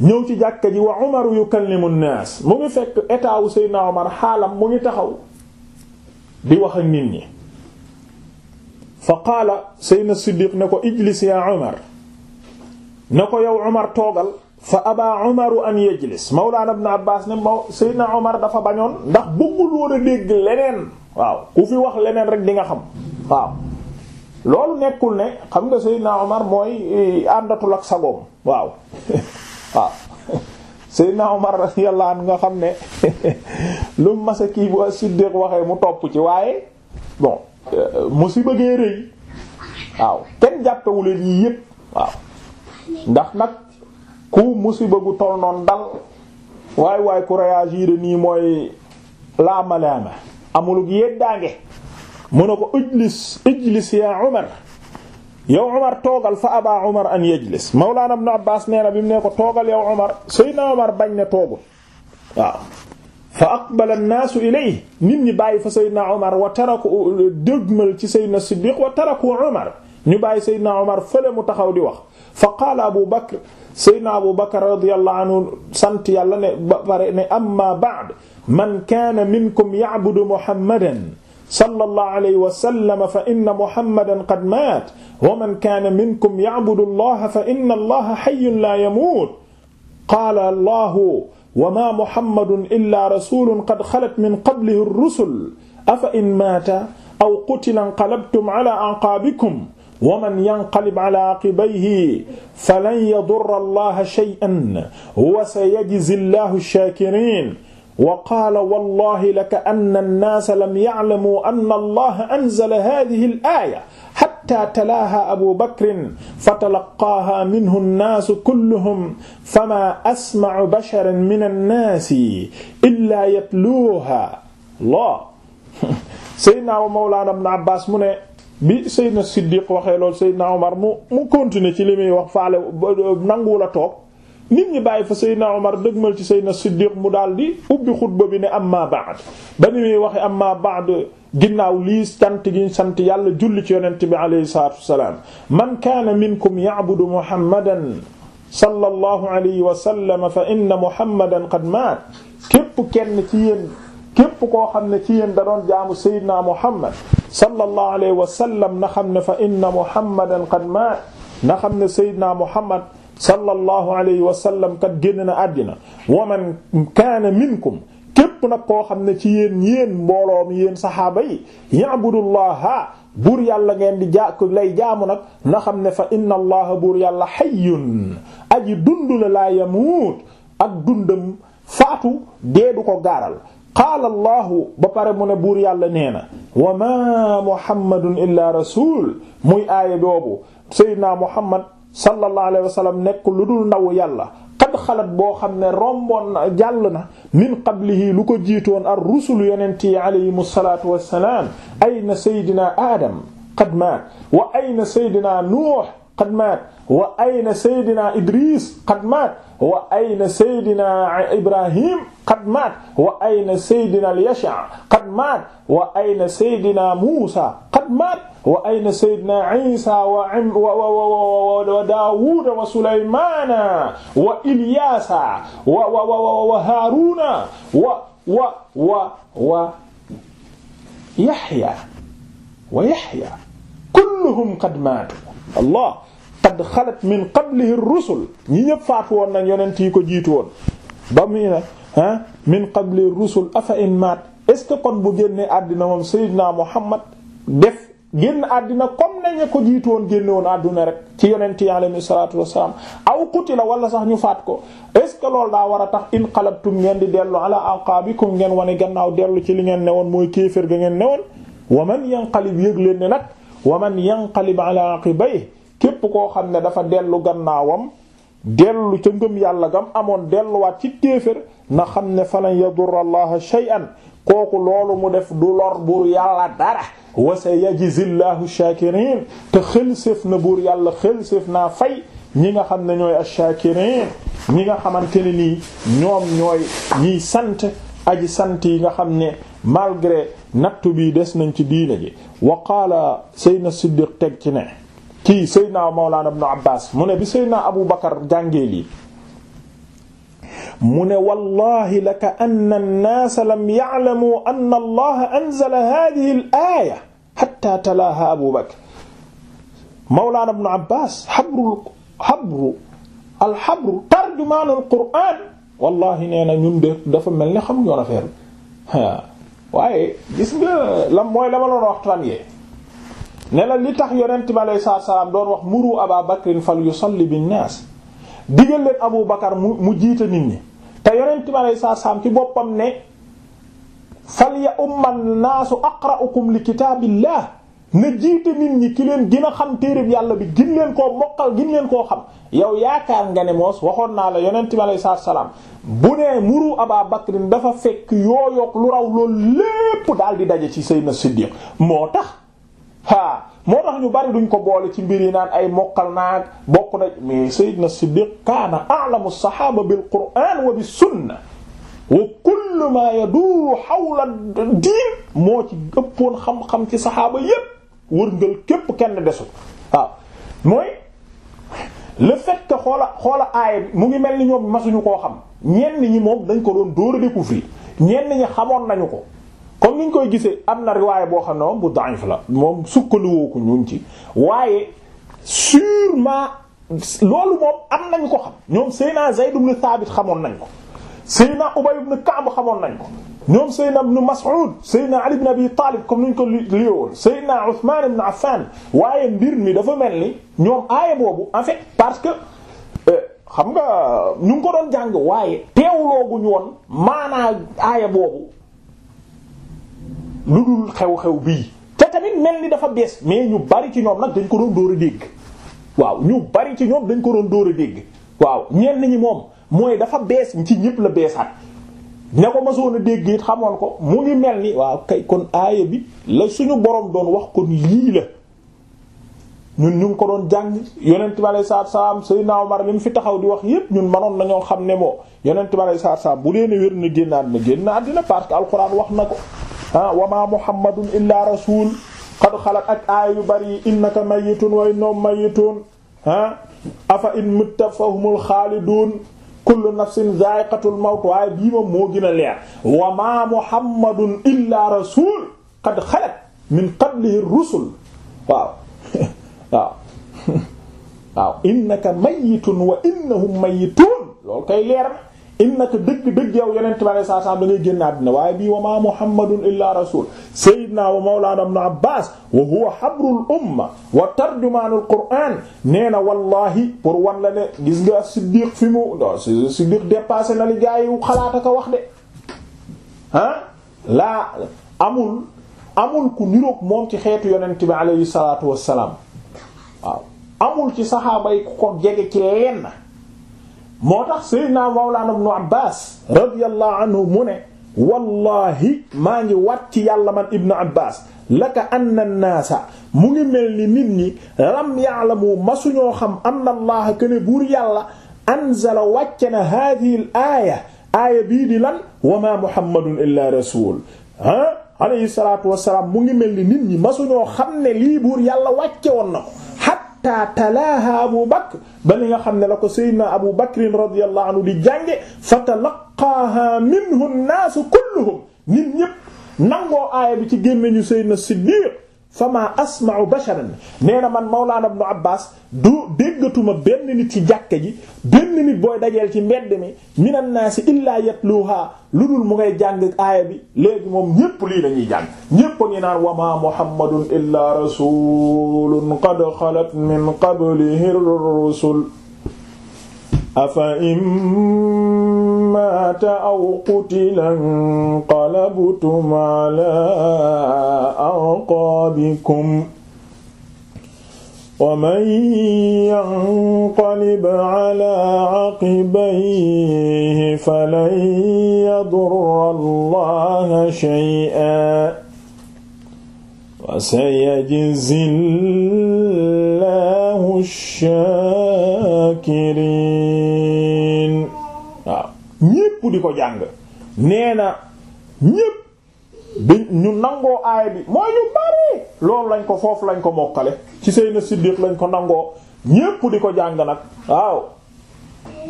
ñëw ci jàkka ji wa umaru yukallimu nnaas mu ngi fekk état wu seydna xaalam mu ngi taxaw di wax ak nit ñi fa qaala seydna siddiq ne ko ijlis ya omar na ko yow Umar toogal fa aba Umaru an yajlis Mawlaana Ibn Abbaas ne ma Seydina Umar dafa bañoon ndax bëggul woon a dégg leneen waaw ku fi wax leneen rek di nga xam waaw loolu nekkul ne xam nga Seydina Umar mooy eh, àndatul ak sagoom waaw waaw Seydina Umar radiyallahu anhu nga xam ne lu masa kii bu Siddiq waxee mu topp ci waaye bon eh, mu si bëggee rëy waaw kenn jàppewuleen yii yépp waaw ndax nag ku musiba gu toll noonu dal waay waay ku réagir nii mooy laama laama amulug yeddaange mu ne ko ijlis ijlis ya Umar yow Umar toogal fa aba Umar an yajlis Mawlana Ibn Abbas nee na ne ko toogal yow Umar Seydina Umar bañ ne toogu fa aqbala an-naas ñi bàyyi fa Seydina Umar wa taraku dëgmal ci Seydina Siddiq wa taraku Umar ñu bàyyi Seydina Omar fële mu taxaw di wax fa qaala Abu Bakr Seydina Abu Bakr radiyallahu anhu sant yàlla ne ba pare ne amma ba'd man kaana minkum ya'budu Muhammadan sallallahu alayhi wa sallam fa inna Muhammadan qad maat wa man kaana minkum ya'budu Allah fa inna Allah hayyun la yamuut qaala Allahu wa maa Muhammadun illaa rasuulun qad xalat min qablihi ar-rusul afa in maata aw qutila inqalabtum ala a'qaabikum wa man yanqalib ala aqibayhi falan yadurra allaha shay'an wa sayajzi allahu ash-shakirin wa qaala wallahi laka anna an-naasa lam ya'lamu anna allaha anzala haadhihi al-aaya xatta talaaha abu bakrin fatalaqaaha minhu annaasu kulluhum famaa asma'u basharan mina annaasi illaa yatluuha allah Seydina wa Mawlaana Ibn Abbaas mu ne bi Seydina Siddiq waxee loolu Seydina Omar mu mu continuer ci li muy wax faale nangu la toog nit ñi bàyyi fa Seydina Omar dëgmal ci Seydina Siddiq mu daal di ubbi xutba bi ne amma ba'd ba ni muy waxee amma ba'd ginnaaw lii sant gi sant yàlla julli ci yonent bi alayhi salaatu wassalaam man kaana minkum ya'budu muhammadan sallallahu alayhi wa sallam fa inna muhammadan qad maat képp kenn ci yéen képp koo xam ne ci yéen da doon jaamu sayyidina muhammad sallallahu alayhi wa sallam na xam ne fa inna muhammadan qad maat na xam ne sayyidina muhammad sallallahu alayhi wa sallam kat génn na àddina wa man kaana minkum képp nag koo xam ne ci yéen yéen mbooloo mi yéen saxaaba yi ya'budullaha buur yàlla ngeen di ja lay jaamu nag na xam ne fa inna allaha buur yàlla hayyun aji dund la laa yamuut ak dundam faatu dee du ko gaaral qaala allahu ba pare mu ne buur yàlla nee na wa ma muhammadun illa rasul muy aaya boobu sayyidina muhammad sallallahu alayhi wa sallam nekk lu dul ndaw yàlla qad xalat boo xam ne romboon na jàll na min qablihi lu ko jiitoon ar rusulu yonent yi alayhim salaatu wassalaam ayna sayyidina aadam qad maat wa ayna sayyidina nuux qad maat wa ayna saydina Idris qad maat wa ayna saydina Ibrahim qad maat wa ayna saydina Yash'a qad maat wa ayna saydina Musa qad maat wa ayna saydina Isa wa wa Daawud wa Sulaymana wa Ilyasa wa wa wa wa Haaruna wa wa wa wa Yahya wa Yahya kulluhum qad maatu Allah qad xalat min qablihi rusul ñi ñëpp faatu woon nañ yonent yi ko jiitu woon ba muy na ah min qabli rusul afa in maat est-ce que kon bu génnee àddina moom Seydina Muhammad def génn àddina comme nañu ko jiitu woon génne woon àdduna rek ci yonent yi alayhi salaatu wassalaam aw qutila wala sax ñu faat ko est-ce que loolu daa war a tax inqalabtum ngeen di dellu ala aqaabikum ngeen wane gannaaw dellu ci li ngeen ne woon mooy kéefër ga ngeen ne woon wa man yanqalib yëg ne nag wa man yanqalib ala képp koo xam ne dafa dellu gannaawam dellu ca ngëm yàlla gam amoon delluwaat ci téefér na xam ne falan yadur allaha shay'an kooku loolu mu def du lor buur yàlla dara wa sa yajizillahu shakirin te xëlséef na buur yàlla xëlséef naa fay ñi nga xam ne ñooy ash-shakirin ñi nga xamante ne ñoom ñooy ñiy sant aji sant yi nga xam ne malgré nattu bi des nañ ci diina ji wa qaala sayyidna siddiq teg ci ne kii Seydina Mawlana Ibn Abbas mu ne bi Seydina Abu Bakar jàngee lii mu ne wallahi la ka anna an-naasa lam ya'lamu anna Allaha anzala haadhihi al-aaya hatta talaaha Abu Bakr Mawlana Ibn Abbas xabru xabru al-xabru tarjumaanul Qur'aan wallahi nee na ñun de dafa mel ni xamuñu woon affaire bi waaye gis nga lan mooy la ma doon waxtaan yee ne la li tax yonent bi aleyhi salaatu salaam doon wax muru Aba Bakrin fal yusalli bin naas digal leen Abu Bakar mu mu jiite nit ñi te yonent bi aleyhi salaatu salaam boppam ne fal ya umman naasu aqra'ukum li kitaabillah na jiite nit ñi ki leen gën a xam téereb yàlla bi gin leen koo mokkal gin leen koo xam yow yaakaar nga ne moos waxoon naa la yonent bi aleyhi salaatu salaam bu nee muru Aba Bakrin dafa fekk yooyoog lu raw loolu lépp daal di daje ci Seydina Siddiq moo tax. haa moo tax ñu bari duñ ko boole ci mbir yi naan ay mokkal naag bokk na mais Seydina Siddiq kaana a'lamu saxaaba bil qur'aan wa bis sunna wa kullu ma yaduru xawla diin moo ci ëppoon xam-xam ci saxaaba yépp wërngal képp kenn desu waaw mooy le fait xoola xoola aaya mu ngi mel ni ñoom masuñu koo xam ñenn ñi moom dañ ko doon dóor a découvrir ñenn ñi xamoon nañu ko comme ni ñu koy gisee am na riwaay boo xam ne moom bu da'if la moom sukkandiwoo ko ñun ci waaye sûrement loolu moom am nañ ko xam ñoom Seyna Zayd ibn Thabit xamoon nañ ko Seyna Ubay ibn Ka'b xamoon nañ ko ñoom Seyna ibn Mas'ud Seyna Ali ibn Abi Talib comme ni ñu ko liyewoon Seyna Uthman ibn Affan waaye mbir mi dafa mel ni ñoom aaya boobu en fait parce que euh, xam nga ñu ngi ko doon jàng waaye teewlooguñu woon maanaa aaya boobu. lu dul xew-xew bii te tamit mel ni dafa bees mais ñu bari ci ñoom nag dañ ko doon dóor a dégg waaw ñu bari ci ñoom dañ ko doon dóor a dégg waaw ñenn ñi moom mooy dafa bees ci ñépp la beesaat ne ko masoon a dégg it xamoon ko mu ngi mel ni waaw kay kon aaya bi la suñu borom doon wax kon lii la ñun ñu ngi ko doon jàng yonent bi aleyhi salaatu salaam Seydina Omar li mu fi taxaw di wax yépp ñun manoon nañoo xam ne moo yonent bi aleyhi salaatu bu dee ne wér na génnaat na génnaat dina parce que alxuraan wax na ko ah wa ma muhammadun illa rasul qad xalat ak aaya yu bari yi innaka mayitun wa innahum mayitun ah afa in mutta fahumul xaalidun kullu nafsin zaiqatul mawt waaye bii moom moo gën a leer wa ma muhammadun illa rasul qad xalat min qablihi rusul waaw waaw waaw innaka mayitun wa innahum mayitun loolu kay leer innaka dëgg-dëgg yow yonent bi alei saa salaam da ngay génn àddina waaye bii wa maa muhammadun illa rasul sayyidina wa mawlana ibn abbas wa huwa habrul umma wa tarjumaanul qur'an nee wallahi pour wan ne gis nga siddiq fi mu siddiq dépassé na li gaay yu xalaat ak wax de ah laa amul ku niroog moom ci xeetu yonent bi aleyhi salatu amul ci saxaaba yi ko jege ci lenn moo tax Seydina Mawlana Ibn Abbas radiyallahu anhu mu ne wallahi maa ngi wat ci yàlla man Ibn Abbas laka anna naasa mu ngi mel ni nit ñi lam ya'lamu masuñoo xam anna Allaha que ne buur yàlla anzala wàcce na haadihi aaya aaya bii di lan wa maa Muhammadun illaa rasuul ah alayhi salaatu wa salaam mu ngi mel ni nit ñi masuñoo xam ne lii buur yàlla wàcce woon na ko xatta talaaha abu bakr ba ni nga xam ne la ko seydina abu bakrin radiyallahu anhu di jànge fa talaqqaaha minhu nnaasu kulluhum nit ñépp nangoo aaya bi ci gémmiñu seydina siddiq fama asma'u basharan nee na man Mawlana Ibn Abbas du déggatuma benn nit ci jàkke ji benn nit booy dajeel ci mbedd mi minan naasi illaa yatluha lu dul mu ngay jàng aaya bi léegi moom ñépp lii lañuy jàng ñépp a ngi naan wa ma muhammadun illaa rasulun qad xalat min qablihi rusul afa im maata aw qutila nqalabtum ala aqaabikum wa man yanqalib ala aqibayhi falan yadurra allaha shay'an wa sayajzi allahu ash-shaakiriin ñépp di ko jàng nee na ñépp dañ ñu nangoo aaya bi mooy ñu bari loolu lañ ko foofu lañ ko mokkale ci Seydina Siddiq lañ ko nangoo ñépp di ko jàng nag waaw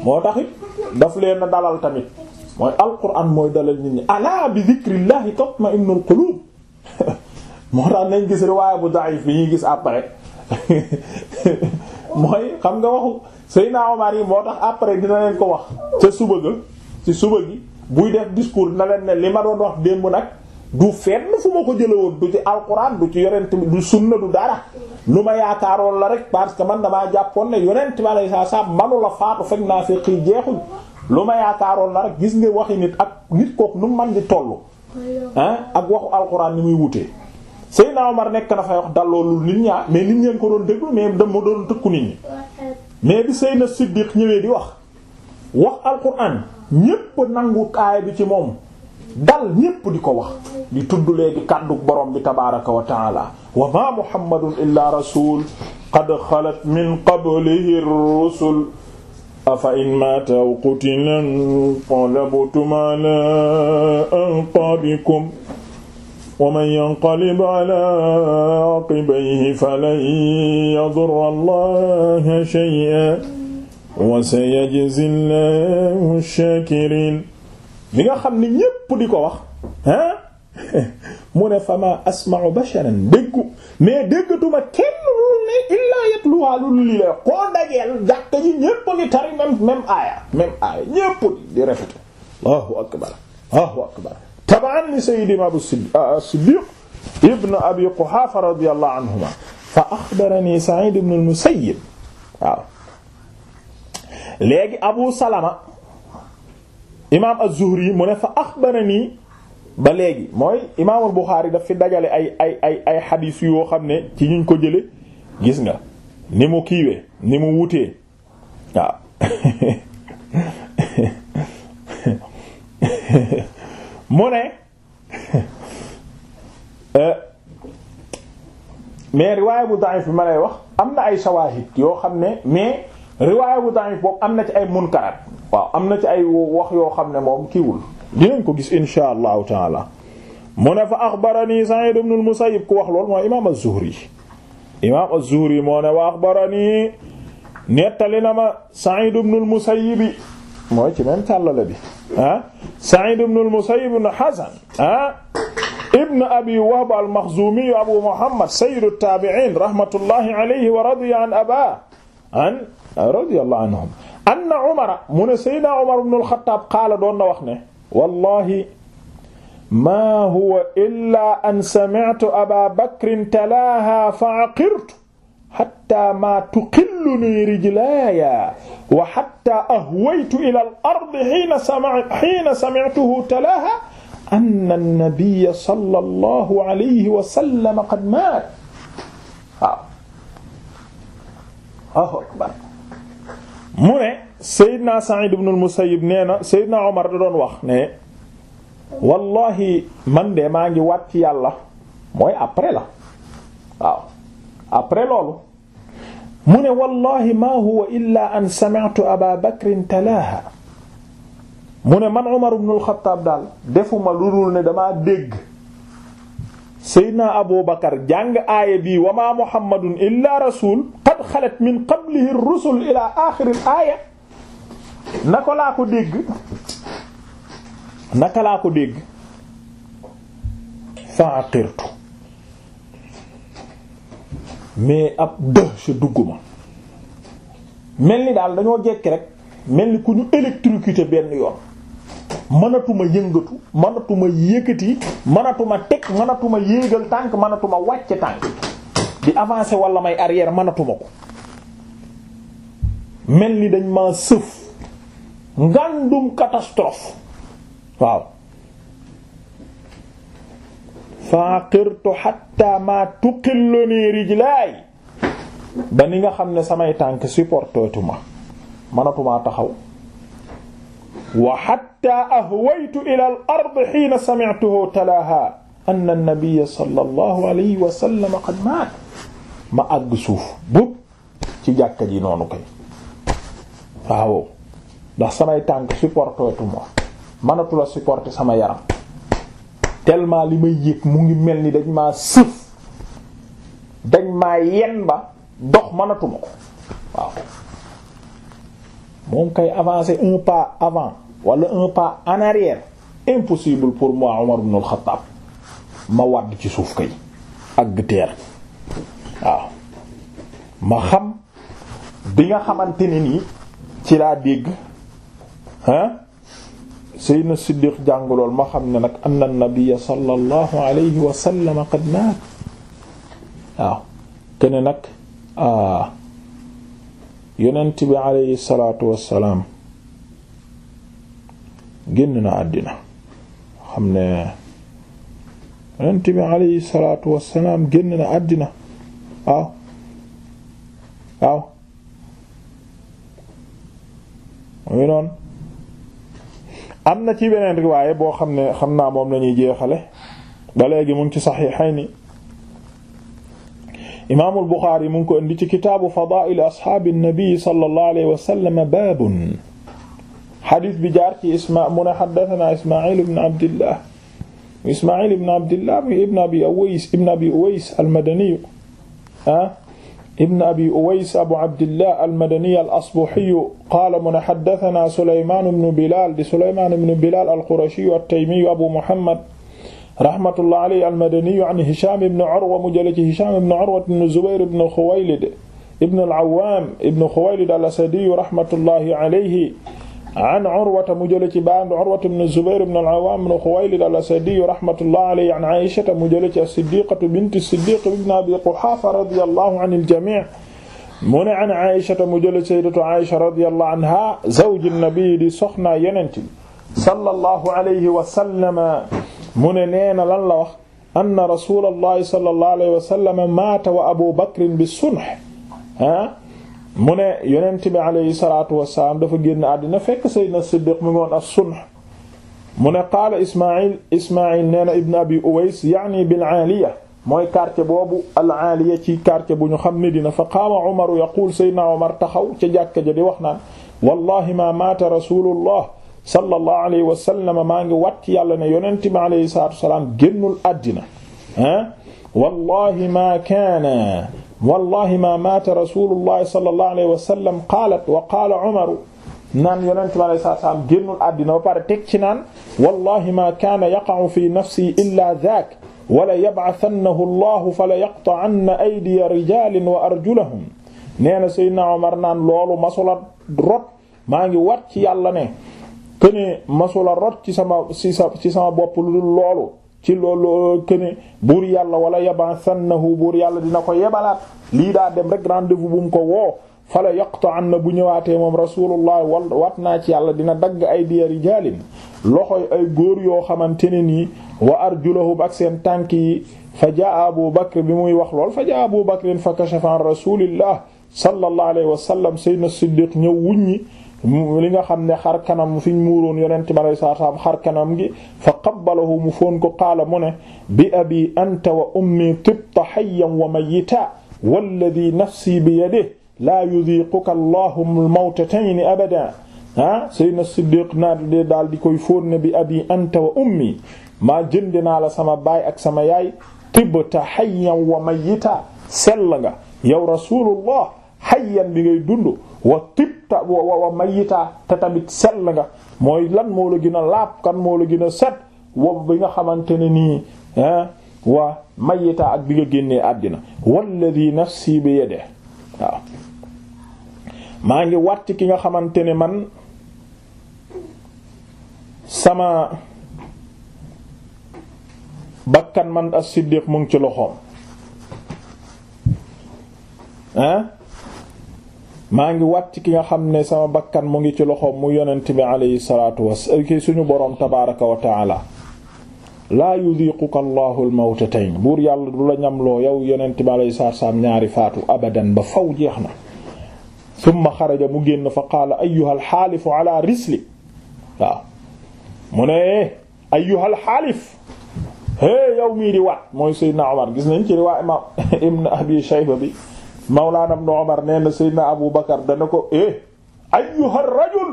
moo taxit daf leen a dalal tamit mooy alquran mooy dalal nit ñi ala bi zikrillahi tatma'innul qulub moo tax nañ gis riwaaya bu da'if bi ñuy gis après mooy xam nga waxu Seydina Omar yi moo tax après dina leen ko wax ca suba ga ci suba gi buy def discours na leen na li ma doon wax démb nag du fenn fu ma ko jële woon du ci alquran du ci yonent bi du sunna du dara lu ma yaakaaroon la rek parce que man damaa jàppoon ne yonent bi alayhi salaam manu la faatu fekk naa fekk jeexuñ lu ma yaakaaroon la rek gis nga waxi nit ak nit kook nu man di tollu ah ak waxu alquran ni muy wutee Seydina Omar nekk na fay wax dalloolul nit ñaa mais nit ñeen ko doon déglu mais dama doon tëkku nit ñi mais bi Seydina Siddiq ñëwee di wax wax alquran ñépp nangu aaya bi ci moom dal ñépp di ko wax di tudd léegi kàddu borom bi tabaraka wa taala wa ma muhammadun illa rasul qad xalat min qablihi rusul afa in mata aw qutila inqalabtum ala anqabikum wa man yanqalib ala aqibayhi falan yadurra allaha shay'an wa sayajzi Allahu shakirin bi nga xam ne ñépp di ko wax ah mu ne fama asma'u basharan déggu mais déggatuma kenn lu ne illaa yatluwaa lu li la koo dajeel jàkka ji ñépp ngi tari même même aaya même aaya ñépp di répété Allahu akbar Allahu akbar tabaan li sayyidina Abu Siddiq ah, ibn Abi Quhafa radiyallahu anhuma fa akhbarani Sa'id ibn al-Musayyib waaw léegi Abu Salama imaam az-Zuhri mu ne fa axbarani ba léegi mooy imaamul Buxaari daf fi dajale ay ay ay xadiis yoo xam ne ci ñu ko jële gis nga ni mu kiiwee ni mu wutee waaw mu ne euh, mais riwaaya bu da'if fi ma lay wax am na ay sawaahid yoo xam ne mais riwaaya bu da'if boobu am na ci ay munkaraat waaw am na ci ay wax yoo xam ne moom kiiwul dinañ ko gis insha allahu taala mu ne fa axbarani Sa'id ibn al-Musayyib ku wax lool mooy imaam az-Zuhri imaam az-Zuhri moo ne wa axbarani nettali na ma Sa'id ibn al-Musayyib mooy ci même tàllale bi ah Sa'id ibn al-Musayyib ibn Hazn ah ibn Abi Wahb al-Makhzumi Abu Muhammad sayyid at-tabi'in rahmatullahi alayhi wa radiya an aba an radiyallahu anhum anna umara mu ne sayyidina umar ibn al-Khattab qaala doon na wax ne wallahi maa huwa illa an sami'tu aba bakrin talaaha fa aqirtu hatta maa tuqilluni rijlaaya wa hatta ahwaytu ila al-ard hiina sami'tu hiina sami'tuhu talaaha anna an-nabiyya sallallahu alayhi wa sallam qad maat waaw mu ne Seydina Sa'id ibn al-Musayyib nee na Seydina Omar da doon wax ne wallahi man de maa ngi wàcc yàlla mooy après la waaw après loolu mu ne wallahi ma huwa illa an sami'tu Aba Bakrin talaaha mu ne man Omar ibn al-Khattab daal defuma lu dul ne damaa dégg seydna abu bakar jàng aaya bii wa ma muhammadun illa rasul qad xalat min qablihi rusul ila axiril aaya naka laa ko dégg naka laa ko dégg faqirtu mais ab dëx dugg ma mel ni daal dañoo jekki rek mel ni ku ñu électrocuté benn yoon mënatuma yëngatu mënatuma yëkkati mënatuma teg mënatuma yéegal tànk mënatuma wàcce tànk di avancer walla may arrière mënatuma ko mel ni dañ ma sëf ngàndum catastrophe waaw faaqirtu hatta ma tuqilluni rijlaay ba ni nga xam ne samay tànk supportatuma mënatumaa taxaw wa hatta ahwaytu ila al ardi hiina sami'tuhu talaaha anna nabiyya sallallahu alayhi wa sallam qad maat ma àgg suuf bub ci jàkka ji noonu kay waaw ndax samay tànk supporteetu ma mënatu la supporter sama yaram tellement li may yëg mu ngi mel ni dañ maa sëf dañ maa yen ba dox mënatuma ko waaw moom kay avancer un pas avant wala un pas en arrière impossible pour moi Omar ibn al ma wadd ci suuf kay agg teer waaw ma xam bi nga xamante ne nii ci laa dégg ah Seydina Siddiq jàngalool ma xam ne nag anna nabiyya sallallahu alayhi wa sallam qad maat waaw kene nag ah, yonent bi aleyhi salaatu wassalaam génn na àddina xam ne yonent na àddina waaw waaw muy noonu am na ci beneen waaye boo xam ne xam naa moom lañuy jeexale ba léegi mu ngi ci saxiixayni imaamul Buxaari mu ngi ko indi ci kitaabu fadaa'il asxaabi nabi sallallahu alayhi wa sallam baabun xadis bi jaar ci isma mu ne xaddasanaa Ismaaciil ibn Abdillah Ismaaciil ibn Abdillah ibn Abi Uways ibn Abi Uways al-Madani ah ibn Abi Uways Abu Abdillah al-Madani al-Asbahi qaala mu ne xaddasanaa Sulaymaan ibn Bilaal di Sulaymaan ibn Bilaal al-Qurashi at-Taymi Abu Muhammad rahmatullah alayhi almadaniyu an hisham ibn urwa mu jële ci hisham ibn urwa ibn zubair ibn xuwaylid ibn al-awwam ibn xuwaylid al-asadiyu rahmatullahi alayhi an urwata mu jële ci band urwata ibn zubair ibn al-awwam ibn xuwaylid al-asadiyu rahmatullahi alayhi an aishata mu jële ci as-siddiqatu bint as-siddiq ibn abi quhafa radiyallahu an al-jami' mu ne an aishata mu jële sayyidatu aisha radiyallahu anha zawj an-nabi di soxna yonent bi sallallahu alayhi wa sallam mu ne nee na lan la wax anna rasulallahi sallallahu alayhi wa sallam maata wa abu bakrin bi sunh ah mu ne yonent bi alayhi salatu wasalaam dafa génn àddina fekk sayyidina siddiq mu ngi woon as-sunh mu ne qaala ismail ismail nee na ibn abi uways yaani bil aaliya mooy quartier boobu al aaliya ci quartier bu ñu xam ne dina fa qaama umaru yaquul sayyidina umar taxaw ca jàkka ja di wax naan wallahi ma maata rasulullah sallallahu alayhi wa sallam maa ngi wat ci yàlla ne yonent bi alayhi salaatu wasalaam génnul àddina ah wallahi ma kaana wallahi ma maata rasulullahi sallallahu alayhi wa sallam qaalat wa qaala Umaru naan yonent bi alayhi salaatu wasalaam génnul àddina ba pare teg ci naan wallahi ma kaana yaqa'u fi nafsi illa dhaak wala yab'athannahu allahu fala yaqta'anna aydiya rijalin wa arjulahum nee na Seydina Omar naan loolu masula rot maa ngi wat ci yàlla ne këne masula rot ci sama ci sa bopp lu loolu ci loolu këne buur yàlla wala yeba yabasannahu buur yàlla dina ko yebalaat lii daa dem rek rendez-vous bu ko woo fala na bu ñëwaatee moom rasulullah wat naa ci yàlla dina dagg ay diya rijaalin loxoy ay góor yoo xamante ne nii wa arjulahum ak seen tànk fa jaa abu bakr bi muy wax lool fa jaa abu bakrin fa kashafa an rasulillah sallallahu alayhi wa sallam li nga xam ne xar kanam fi ñu muuroon yonente bi alei saatu salaam xar kanam gi fa qabbalahu mu foon ko qaala mu ne bi abi anta wa ummi tibta hayyan wa mayyita walladi nafsi bi yadihi laa yudiquka allahu almawtatayni abada ah saydna siddiq naatde daal di koy fóon ne bi abi anta wa ummi maa jënde naa la sama baay ak sama yaay tibta hayyan wa mayyita sell nga yow rasulullah yan bi ngay dund wa tibta wa wa mayitaa te tamit set nga mooy lan moo la gën laab kan moo la gën set wa bi nga xamante ne nii wa mayitaa ak bi nga génnee àddina walladhi nafsi bi yadihi waaw maa ngi wat ki nga xamante ne man sama bakkan man as-Siddiq mu ci loxoom ah maa ngi wàcc ki nga xam ne sama bakkan mu ngi ci loxoom mu yonent bi alayhi suñu boroom tabaaraka wa taala laa yudiiquka allahu almawtatayn buur yàlla du la ñamloo yow yonent bi alayhi salaatu ñaari faatu abadan ba faw jeex na xaraja mu génn fa qaala ayyuhal xaalifu ala risli mu ne ayyuhal xaalif hee yow mii di waat mooy Seydina Omar gis nañ ci riwaa imaam ibn Abi Shayba bi Mawlaana Ibn Umar nee na Seydina Abu Bakar dana ko eh ayyuha rajul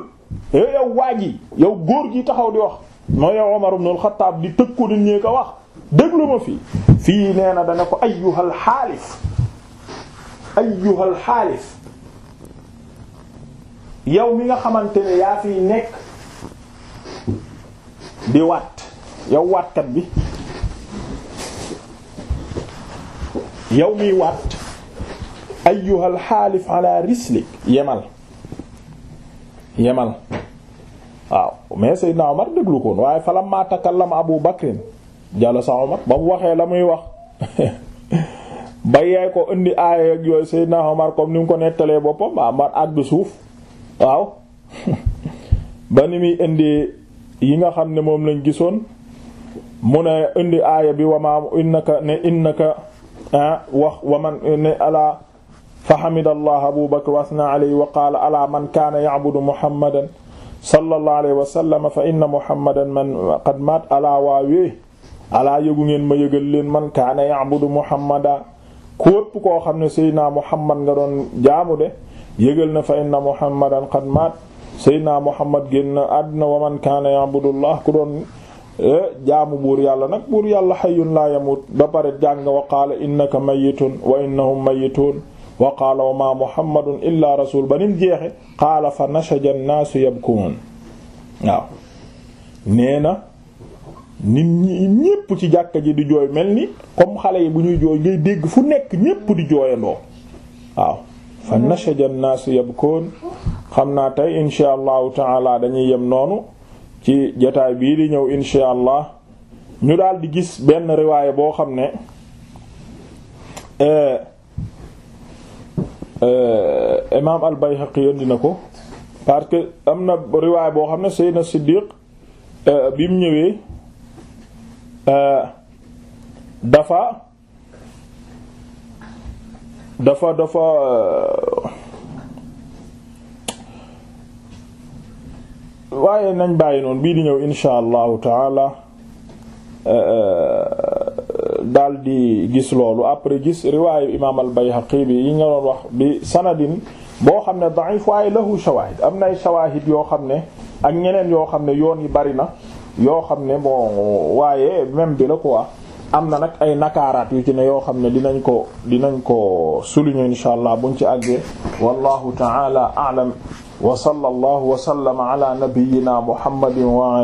eh yow waa ji yow góor gi taxaw di wax moo yow Umar ibn al di tëkku nit ñi ko wax déglu ma fii fii nee na dana ko ayyuha al-haalif ayyuha al yow mi nga xamante ne yaa fiy nekk di waat yow waatkat bi yow mi waat ayyuhal xaalif ala rislik yemal yemal waaw mais Seydina Omar déglu koon waaye falamma takallama Abu Bakrin jalasa Omar ba mu waxee la muy wax ba yaay ko indi aaya yooyu Seydina Omar comme ni mu ko nettalee boppam waaw man àgg suuf waaw ba ni muy indi yi nga xam ne moom lañ gisoon mu ne indi aaya bi wama innaka ne innaka ah, wax waman ne ala fa xamida allah abu bakr wa asna alayhi wa qaala ala man kaana yacbudu muhammadan sallallahu alayhi wa sallam fa inna muhammadan man qad maat alaa waawee alaa yëgu ngeen ma yëgal leen man kaana yacbudu muhammada képp koo xam ne seydna muhammad nga doon jaamu de yëgal na fa inna muhammadan qad maat seydna muhammad génn àddina wa man kaana yacbudu allah ku doon jaamu buur yàlla nag buur yàlla xayyun laa yamuut ba pare jàng wa qaala innaka mayitun wa innahum mayituun wa qaala wa ma muhammadun waaw nee na nit ñi ñépp ci jàkka ji di jooy mel ni comme xale yi bu ñuy jooy ngay dégg fu nekk ñépp di jooyandoo waaw fa nashaja nnaasu yabkuun xam naa tey insha allahu taala dañuy yem noonu ci jotaay bii di ñëw insha allah ñu daal di gis benn riwaaya boo xam ne eh, Euh, imaam al-Bayhaqi yëndi na ko parce que am na riwaay boo xam ne Seydina Siddiq euh, bi mu ñëwee euh, dafa dafa dafa waaye nañ bàyyi noonu bii di ñëw insha allahu taala daal di gis loolu après gis riwaayu imaam al-Bayhaqi bi yi nga doon wax bi sanadin boo xam ne da'if waaye lahu shawaahid am nay shawaahid yoo xam ne ak ñeneen yoo xam ne yoon yi bari na yoo xam ne bon waaye même bi la am na nag ay nakaaraat yu ci ne yoo xam ne dinañ ko dinañ ko souligner insha allah buñ ci àggee wallahu ta'ala a'lam wa sallallahu wa ala nabiyyina muhammadin wa